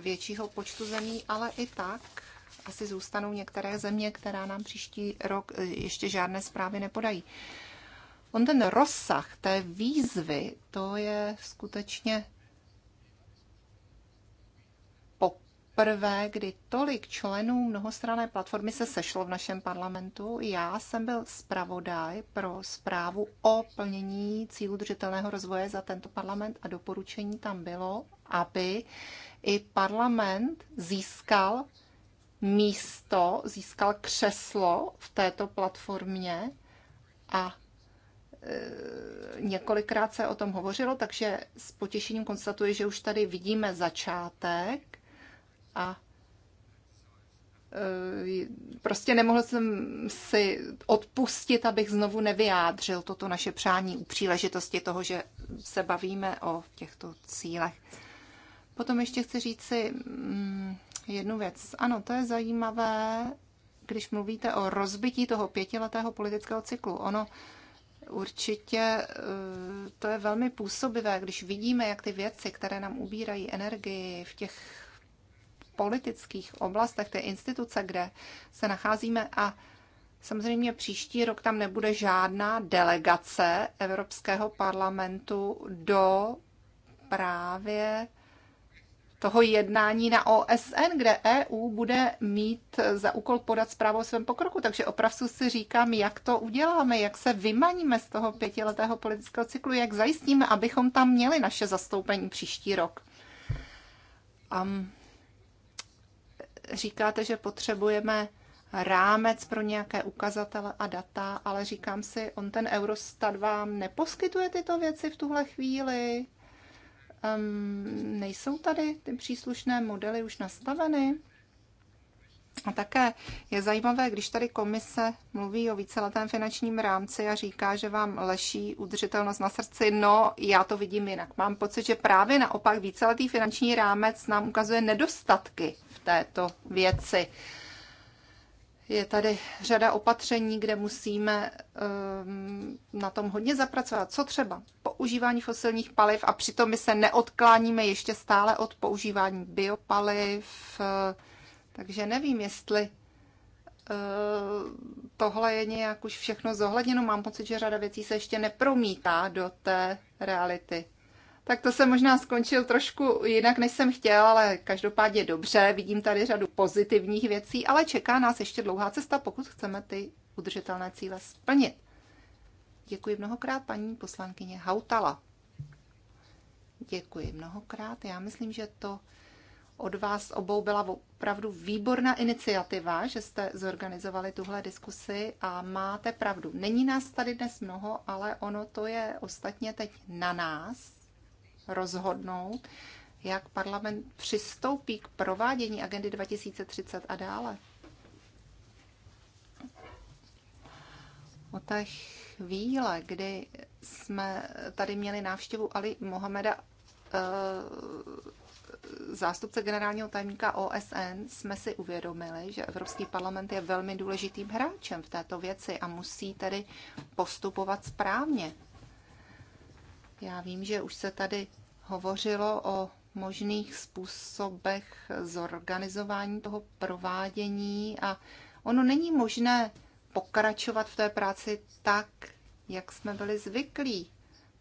většího počtu zemí, ale i tak asi zůstanou některé země, která nám příští rok e, ještě žádné zprávy nepodají. On ten rozsah té výzvy, to je skutečně poprvé, kdy tolik členů mnohostrané platformy se sešlo v našem parlamentu. Já jsem byl zpravodaj pro zprávu o plnění cílů držitelného rozvoje za tento parlament a doporučení tam bylo, aby i parlament získal místo, získal křeslo v této platformě a e, několikrát se o tom hovořilo, takže s potěšením konstatuji, že už tady vidíme začátek a e, prostě nemohl jsem si odpustit, abych znovu nevyjádřil toto naše přání u příležitosti toho, že se bavíme o těchto cílech. Potom ještě chci říct si mm, jednu věc. Ano, to je zajímavé, když mluvíte o rozbití toho pětiletého politického cyklu. Ono určitě e, to je velmi působivé, když vidíme, jak ty věci, které nám ubírají energii v těch politických oblastech té instituce, kde se nacházíme a Samozřejmě příští rok tam nebude žádná delegace Evropského parlamentu do právě toho jednání na OSN, kde EU bude mít za úkol podat zprávu o svém pokroku. Takže opravdu si říkám, jak to uděláme, jak se vymaníme z toho pětiletého politického cyklu, jak zajistíme, abychom tam měli naše zastoupení příští rok. Um, říkáte, že potřebujeme rámec pro nějaké ukazatele a data, ale říkám si, on ten Eurostat vám neposkytuje tyto věci v tuhle chvíli. Um, nejsou tady ty příslušné modely už nastaveny? A také je zajímavé, když tady komise mluví o víceletém finančním rámci a říká, že vám leší udržitelnost na srdci, no já to vidím jinak. Mám pocit, že právě naopak víceletý finanční rámec nám ukazuje nedostatky této věci. Je tady řada opatření, kde musíme ehm, na tom hodně zapracovat. Co třeba? Používání fosilních paliv a přitom my se neodkláníme ještě stále od používání biopaliv. Eh, takže nevím, jestli eh, tohle je nějak už všechno zohledněno. Mám pocit, že řada věcí se ještě nepromítá do té reality. Tak to jsem možná skončil trošku jinak, než jsem chtěl, ale každopádně dobře. Vidím tady řadu pozitivních věcí, ale čeká nás ještě dlouhá cesta, pokud chceme ty udržitelné cíle splnit. Děkuji mnohokrát paní poslankyně Hautala. Děkuji mnohokrát. Já myslím, že to od vás obou byla opravdu výborná iniciativa, že jste zorganizovali tuhle diskusi a máte pravdu. Není nás tady dnes mnoho, ale ono to je ostatně teď na nás, rozhodnout, jak parlament přistoupí k provádění agendy 2030 a dále. O té chvíle, kdy jsme tady měli návštěvu Ali Mohameda, eh, zástupce generálního tajemníka OSN, jsme si uvědomili, že Evropský parlament je velmi důležitým hráčem v této věci a musí tedy postupovat správně. Já vím, že už se tady hovořilo o možných způsobech zorganizování toho provádění a ono není možné pokračovat v té práci tak, jak jsme byli zvyklí.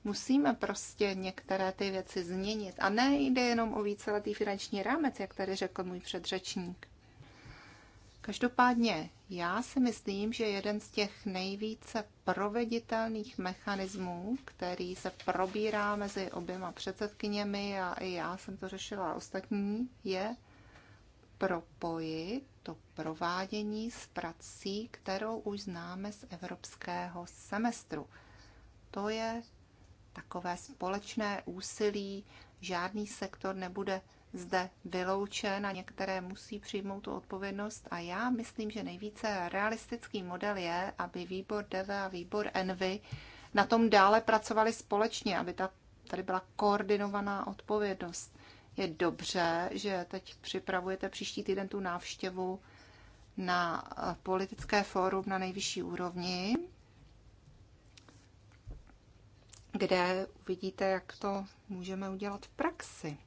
Musíme prostě některé ty věci změnit. A nejde jenom o víceletý finanční rámec, jak tady řekl můj předřečník. Každopádně já si myslím, že jeden z těch nejvíce proveditelných mechanismů, který se probírá mezi oběma předsedkyněmi a i já jsem to řešila ostatní, je propojit to provádění s prací, kterou už známe z evropského semestru. To je takové společné úsilí, žádný sektor nebude zde vyloučen a některé musí přijmout tu odpovědnost. A já myslím, že nejvíce realistický model je, aby výbor DV a výbor ENVY na tom dále pracovali společně, aby ta, tady byla koordinovaná odpovědnost. Je dobře, že teď připravujete příští týden tu návštěvu na eh, politické fórum na nejvyšší úrovni, kde uvidíte, jak to můžeme udělat v praxi.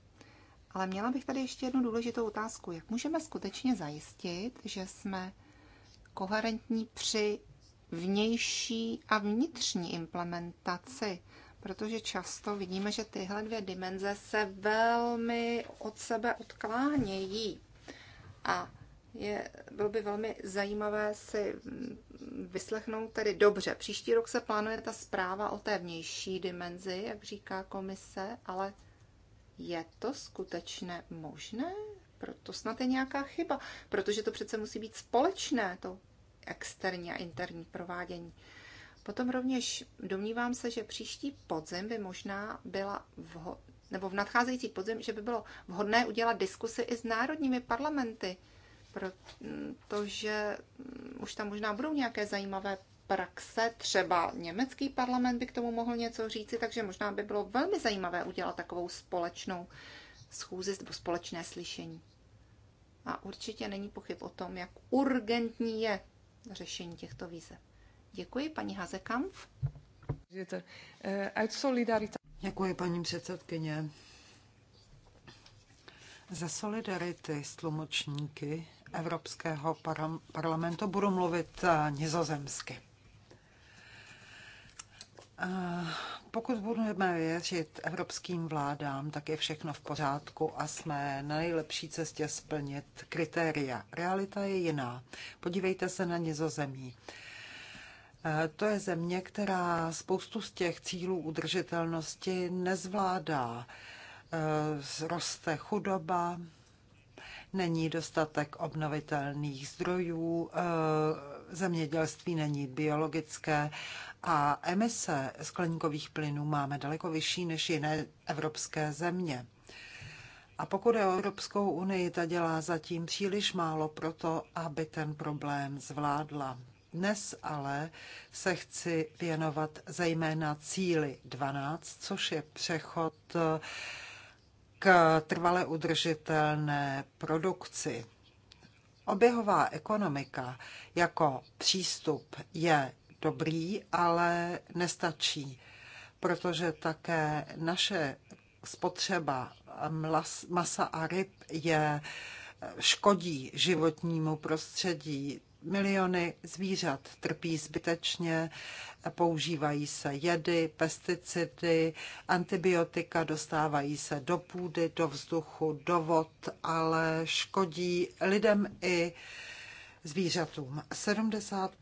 Ale měla bych tady ještě jednu důležitou otázku. Jak můžeme skutečně zajistit, že jsme koherentní při vnější a vnitřní implementaci? Protože často vidíme, že tyhle dvě dimenze se velmi od sebe odklánějí. A je, bylo by velmi zajímavé si vyslechnout tedy dobře. Příští rok se plánuje ta zpráva o té vnější dimenzi, jak říká komise, ale je to skutečně možné? Proto snad je nějaká chyba, protože to přece musí být společné, to externí a interní provádění. Potom rovněž domnívám se, že příští podzim by možná byla vho- nebo v nadcházející podzim, že by bylo vhodné udělat diskusy i s národními parlamenty, protože mm, už tam možná budou nějaké zajímavé praxe, třeba německý parlament by k tomu mohl něco říci, takže možná by bylo velmi zajímavé udělat takovou společnou schůzi nebo společné slyšení. A určitě není pochyb o tom, jak urgentní je řešení těchto výzev. Děkuji, paní Hazekamp. Eh, Děkuji, paní předsedkyně. Za solidarity s tlumočníky Evropského parlamentu budu mluvit eh, nizozemsky. Pokud budeme věřit evropským vládám, tak je všechno v pořádku a jsme na nejlepší cestě splnit kritéria. Realita je jiná. Podívejte se na Nizozemí. Eh, to je země, která spoustu z těch cílů udržitelnosti nezvládá. Eh, Roste chudoba, není dostatek obnovitelných zdrojů, eh, zemědělství není biologické a emise skleníkových plynů máme daleko vyšší než jiné evropské země. A pokud je o Evropskou unii, ta dělá zatím příliš málo pro to, aby ten problém zvládla. Dnes ale se chci věnovat zejména cíli 12, což je přechod k trvale udržitelné produkci. Oběhová ekonomika jako přístup je dobrý, ale nestačí, protože také naše spotřeba masa a ryb je škodí životnímu prostředí. Miliony zvířat trpí zbytečně, používají se jedy, pesticidy, antibiotika dostávají se do půdy, do vzduchu, do vod, ale škodí lidem i zvířatům. 70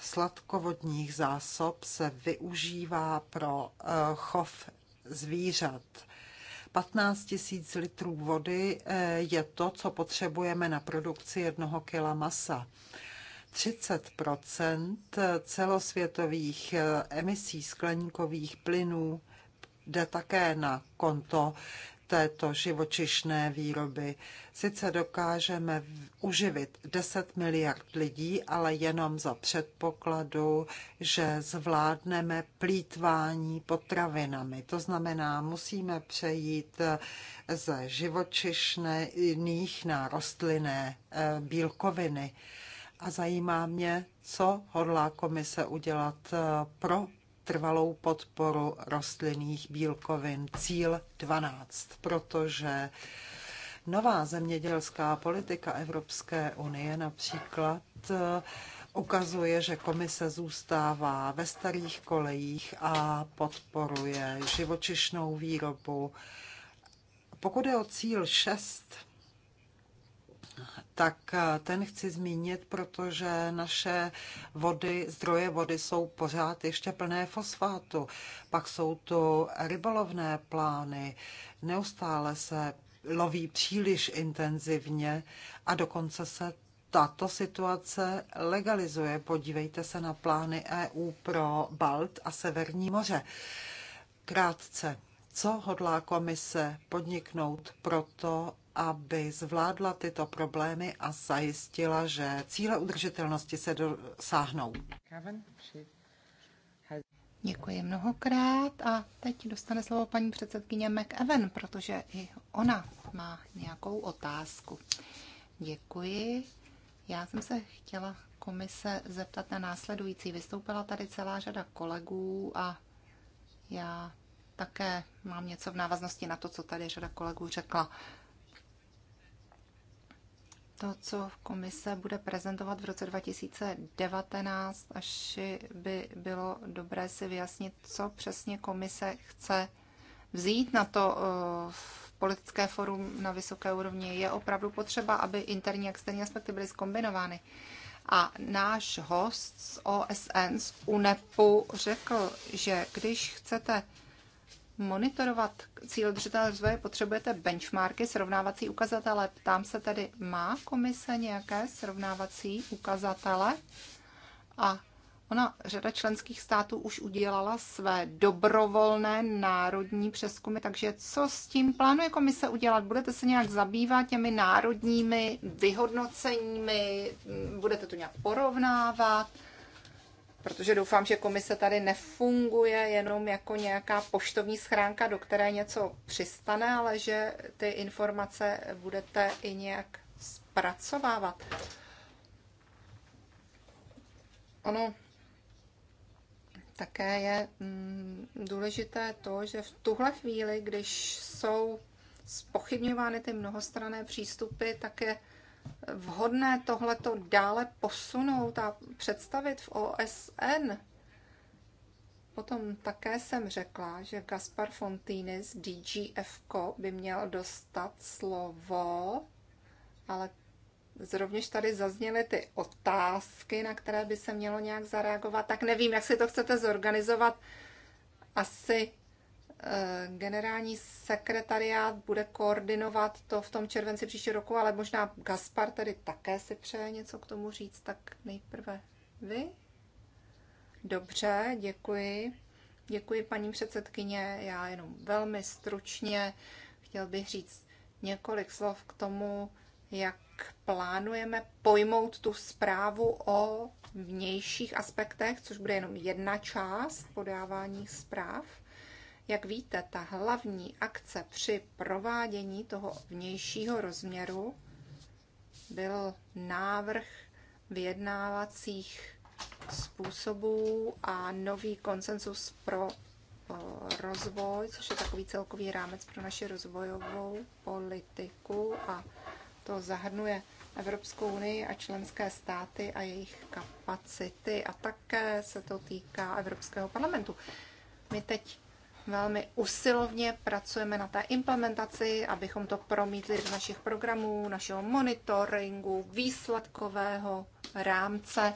sladkovodních zásob se využívá pro eh, chov zvířat. 15 tisíc litrů vody eh, je to, co potřebujeme na produkci jednoho kila masa. 30 celosvětových eh, emisí skleníkových plynů jde také na konto této živočišné výroby. Sice dokážeme uživit 10 miliard lidí, ale jenom za předpokladu, že zvládneme plítvání potravinami. To znamená, musíme přejít ze živočišných na rostlinné eh, bílkoviny. A zajímá mě, co hodlá komise udělat eh, pro trvalou podporu rostlinných bílkovin, cíl 12, protože nová zemědělská politika Evropské unie například eh, ukazuje, že komise zůstává ve starých kolejích a podporuje živočišnou výrobu. Pokud je o cíl 6, tak eh, ten chci zmínit, protože naše vody, zdroje vody jsou pořád ještě plné fosfátu. Pak jsou tu rybolovné plány, neustále se loví příliš intenzivně a dokonce se tato situace legalizuje. Podívejte se na plány EU pro Balt a Severní moře. Krátce, co hodlá komise podniknout proto, aby zvládla tyto problémy a zajistila, že cíle udržitelnosti se dosáhnou. Děkuji mnohokrát a teď dostane slovo paní předsedkyně McEwen, protože i ona má nějakou otázku. Děkuji. Já jsem se chtěla komise zeptat na následující. Vystoupila tady celá řada kolegů a já také mám něco v návaznosti na to, co tady řada kolegů řekla to, co komise bude prezentovat v roce 2019, až by bylo dobré si vyjasnit, co přesně komise chce vzít na to eh, v politické forum na vysoké úrovni. Je opravdu potřeba, aby interní a externí aspekty byly zkombinovány. A náš host z OSN, z UNEPu, řekl, že když chcete monitorovat cíl držitele rozvoje, potřebujete benchmarky, srovnávací ukazatele. Ptám se tedy, má komise nějaké srovnávací ukazatele? A ona, řada členských států už udělala své dobrovolné národní přeskumy, takže co s tím plánuje komise udělat? Budete se nějak zabývat těmi národními vyhodnoceními? Budete to nějak porovnávat? protože doufám, že komise tady nefunguje jenom jako nějaká poštovní schránka, do které něco přistane, ale že ty informace budete i nějak zpracovávat. Ono také je mm, důležité to, že v tuhle chvíli, když jsou spochybňovány ty mnohostrané přístupy, tak je vhodné tohleto dále posunout a představit v OSN. Potom také jsem řekla, že Gaspar Fontini z DGFCO by měl dostat slovo, ale Zrovněž tady zazněly ty otázky, na které by se mělo nějak zareagovat. Tak nevím, jak si to chcete zorganizovat. Asi Eh, generální sekretariát bude koordinovat to v tom červenci příští roku, ale možná Gaspar tedy také si přeje něco k tomu říct, tak nejprve vy. Dobře, děkuji. Děkuji, paní předsedkyně. Já jenom velmi stručně chtěl bych říct několik slov k tomu, jak plánujeme pojmout tu zprávu o vnějších aspektech, což bude jenom jedna část podávání zpráv. Jak víte, ta hlavní akce při provádění toho vnějšího rozměru byl návrh vyjednávacích způsobů a nový konsensus pro eh, rozvoj, což je takový celkový rámec pro naši rozvojovou politiku a to zahrnuje Evropskou unii a členské státy a jejich kapacity a také se to týká Evropského parlamentu. My teď velmi usilovně pracujeme na té implementaci, abychom to promítli do našich programů, našeho monitoringu, výsledkového rámce,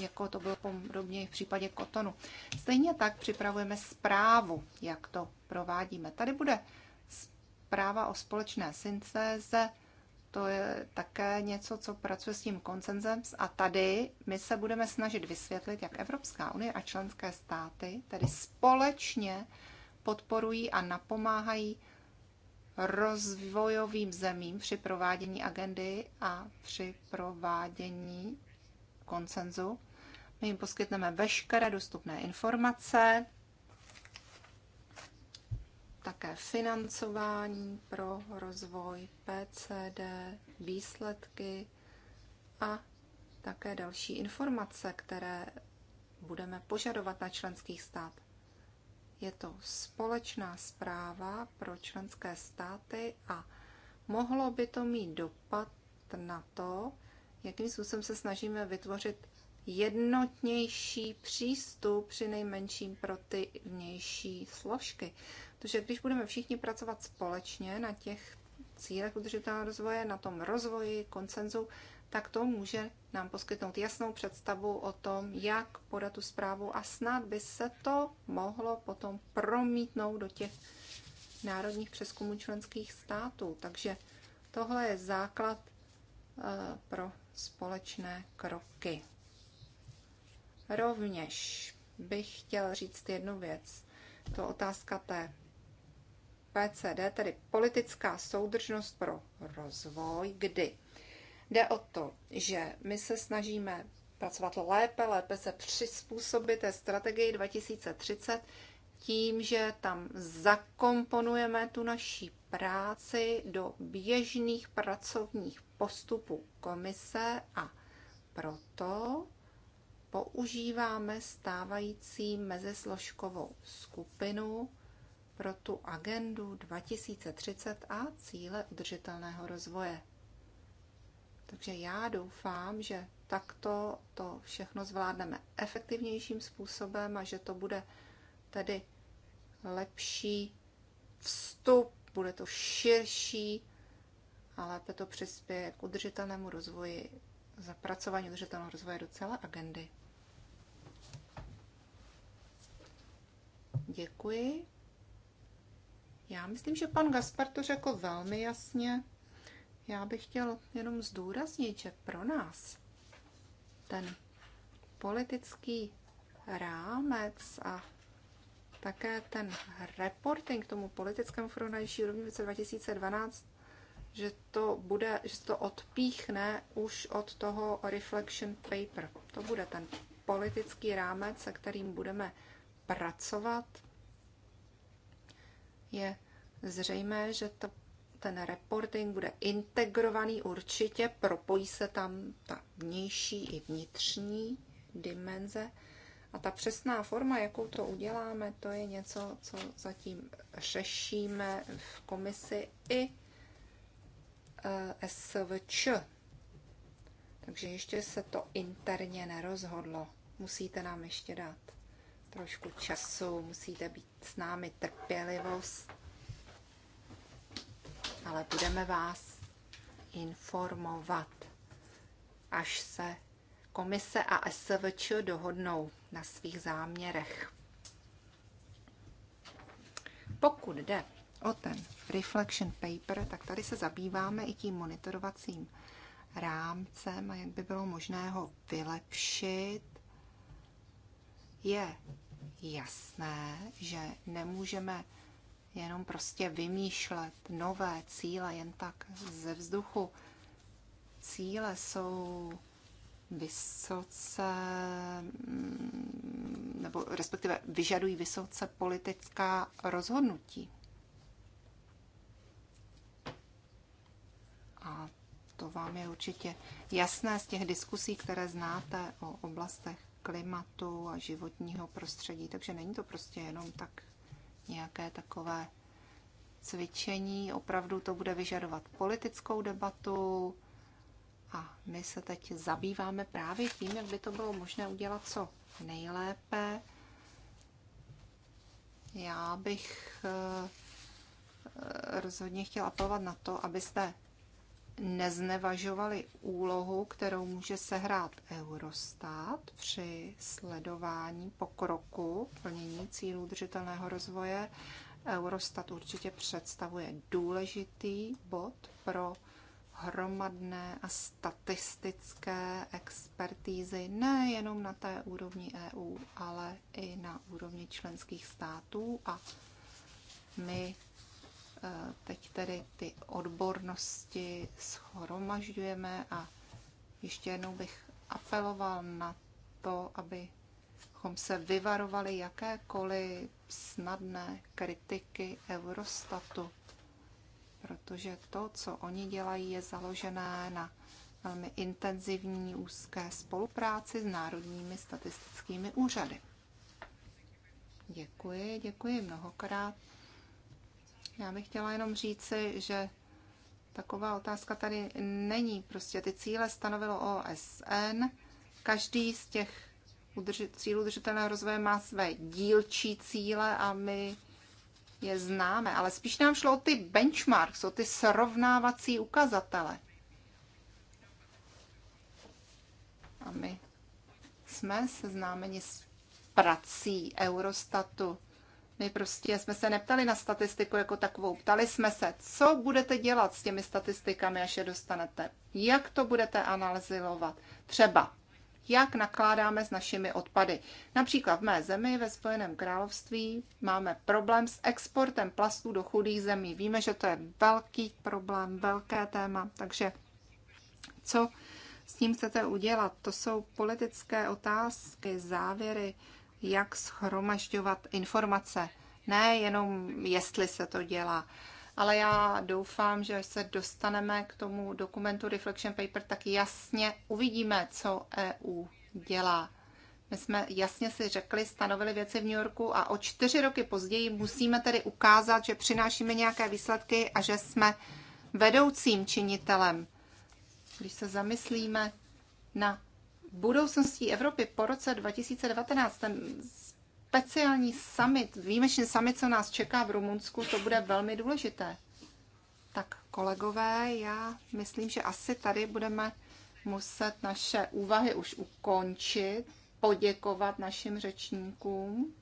jako to bylo podobně v případě kotonu. Stejně tak připravujeme zprávu, jak to provádíme. Tady bude zpráva o společné syntéze to je také něco, co pracuje s tím koncenzem. A tady my se budeme snažit vysvětlit, jak Evropská unie a členské státy tedy společně podporují a napomáhají rozvojovým zemím při provádění agendy a při provádění koncenzu. My jim poskytneme veškeré dostupné informace, také financování pro rozvoj PCD, výsledky a také další informace, které budeme požadovat na členských stát. Je to společná zpráva pro členské státy a mohlo by to mít dopad na to, jakým způsobem se snažíme vytvořit jednotnější přístup při nejmenším pro ty vnější složky. Protože když budeme všichni pracovat společně na těch cílech udržitelného rozvoje, na tom rozvoji, koncenzu, tak to může nám poskytnout jasnou představu o tom, jak podat tu zprávu a snad by se to mohlo potom promítnout do těch národních přeskumů členských států. Takže tohle je základ eh, pro společné kroky. Rovněž bych chtěl říct jednu věc. To otázka té PCD, tedy politická soudržnost pro rozvoj, kdy jde o to, že my se snažíme pracovat lépe, lépe se přizpůsobit té strategii 2030 tím, že tam zakomponujeme tu naší práci do běžných pracovních postupů komise a proto používáme stávající mezisložkovou skupinu, pro tu agendu 2030 a cíle udržitelného rozvoje. Takže já doufám, že takto to všechno zvládneme efektivnějším způsobem a že to bude tedy lepší vstup, bude to širší a lépe to přispěje k udržitelnému rozvoji, zapracování udržitelného rozvoje do celé agendy. Děkuji. Já myslím, že pan Gaspar to řekl velmi jasně. Já bych chtěl jenom zdůraznit, že pro nás ten politický rámec a také ten reporting k tomu politickému fóru na nižší úrovni v roce 2012, že to bude, že to odpíchne už od toho reflection paper. To bude ten politický rámec, se kterým budeme pracovat je zřejmé, že to, ten reporting bude integrovaný určitě, propojí se tam ta vnější i vnitřní dimenze. A ta přesná forma, jakou to uděláme, to je něco, co zatím řešíme v komisi i eh, SVČ. Takže ještě se to interně nerozhodlo. Musíte nám ještě dát trošku času, musíte být s námi trpělivost, ale budeme vás informovat, až se komise a SVČ dohodnou na svých záměrech. Pokud jde o ten reflection paper, tak tady se zabýváme i tím monitorovacím rámcem a jak by bylo možné ho vylepšit. Je jasné, že nemůžeme jenom prostě vymýšlet nové cíle jen tak ze vzduchu. Cíle jsou vysoce, mm, nebo respektive vyžadují vysoce politická rozhodnutí. A to vám je určitě jasné z těch diskusí, které znáte o oblastech klimatu a životního prostředí. Takže není to prostě jenom tak nějaké takové cvičení. Opravdu to bude vyžadovat politickou debatu a my se teď zabýváme právě tím, jak by to bylo možné udělat co nejlépe. Já bych eh, rozhodně chtěla apelovat na to, abyste neznevažovali úlohu, kterou může sehrát Eurostat při sledování pokroku plnění cílů držitelného rozvoje. Eurostat určitě představuje důležitý bod pro hromadné a statistické expertízy nejenom na té úrovni EU, ale i na úrovni členských států a my Eh, teď tedy ty odbornosti schromažďujeme a ještě jednou bych apeloval na to, abychom se vyvarovali jakékoliv snadné kritiky Eurostatu, protože to, co oni dělají, je založené na velmi intenzivní úzké spolupráci s národními statistickými úřady. Děkuji, děkuji mnohokrát. Já bych chtěla jenom říci, že taková otázka tady není. Prostě ty cíle stanovilo OSN. Každý z těch cílů udržitelného rozvoje má své dílčí cíle a my je známe, ale spíš nám šlo o ty benchmarks, o ty srovnávací ukazatele. A my jsme seznámeni s prací Eurostatu my prostě jsme se neptali na statistiku jako takovou, ptali jsme se, co budete dělat s těmi statistikami, až je dostanete, jak to budete analyzovat. Třeba, jak nakládáme s našimi odpady. Například v mé zemi ve Spojeném království máme problém s exportem plastů do chudých zemí. Víme, že to je velký problém, velké téma, takže co s tím chcete udělat? To jsou politické otázky, závěry jak schromažďovat informace. Ne jenom jestli se to dělá, ale já doufám, že až se dostaneme k tomu dokumentu Reflection Paper, tak jasně uvidíme, co EU dělá. My jsme jasně si řekli, stanovili věci v New Yorku a o čtyři roky později musíme tedy ukázat, že přinášíme nějaké výsledky a že jsme vedoucím činitelem. Když se zamyslíme na budoucností Evropy po roce 2019, ten speciální summit, výjimečný summit, co nás čeká v Rumunsku, to bude velmi důležité. Tak kolegové, já myslím, že asi tady budeme muset naše úvahy už ukončit, poděkovat našim řečníkům.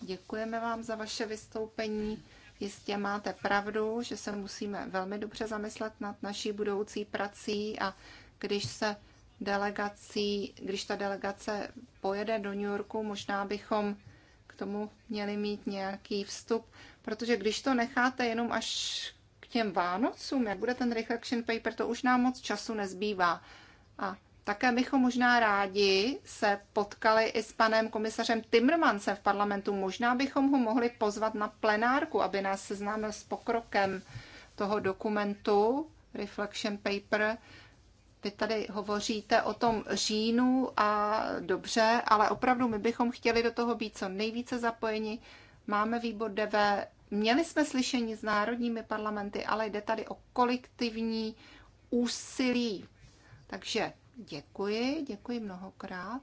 Děkujeme vám za vaše vystoupení. Jistě máte pravdu, že se musíme velmi dobře zamyslet nad naší budoucí prací a když se delegací, když ta delegace pojede do New Yorku, možná bychom k tomu měli mít nějaký vstup, protože když to necháte jenom až k těm Vánocům, jak bude ten reflection paper, to už nám moc času nezbývá. A také bychom možná rádi se potkali i s panem komisařem Timmermansem v parlamentu. Možná bychom ho mohli pozvat na plenárku, aby nás seznámil s pokrokem toho dokumentu Reflection Paper, vy tady hovoříte o tom říjnu a dobře, ale opravdu my bychom chtěli do toho být co nejvíce zapojeni. Máme výbor DV, měli jsme slyšení s národními parlamenty, ale jde tady o kolektivní úsilí. Takže děkuji, děkuji mnohokrát.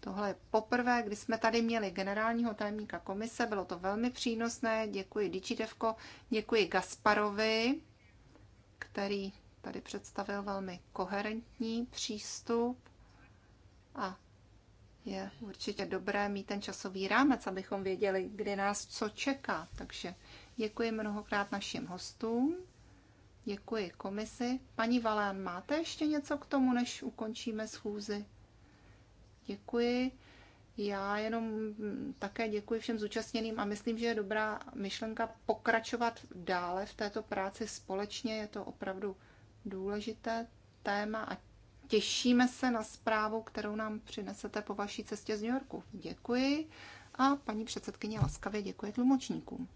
Tohle je poprvé, kdy jsme tady měli generálního tajemníka komise, bylo to velmi přínosné. Děkuji Dičitevko, děkuji Gasparovi, který tady představil velmi koherentní přístup a je určitě dobré mít ten časový rámec, abychom věděli, kdy nás co čeká. Takže děkuji mnohokrát našim hostům, děkuji komisi. Paní Valán, máte ještě něco k tomu, než ukončíme schůzi? Děkuji. Já jenom také děkuji všem zúčastněným a myslím, že je dobrá myšlenka pokračovat dále v této práci společně. Je to opravdu důležité téma a těšíme se na zprávu, kterou nám přinesete po vaší cestě z New Yorku. Děkuji a paní předsedkyně laskavě děkuje tlumočníkům.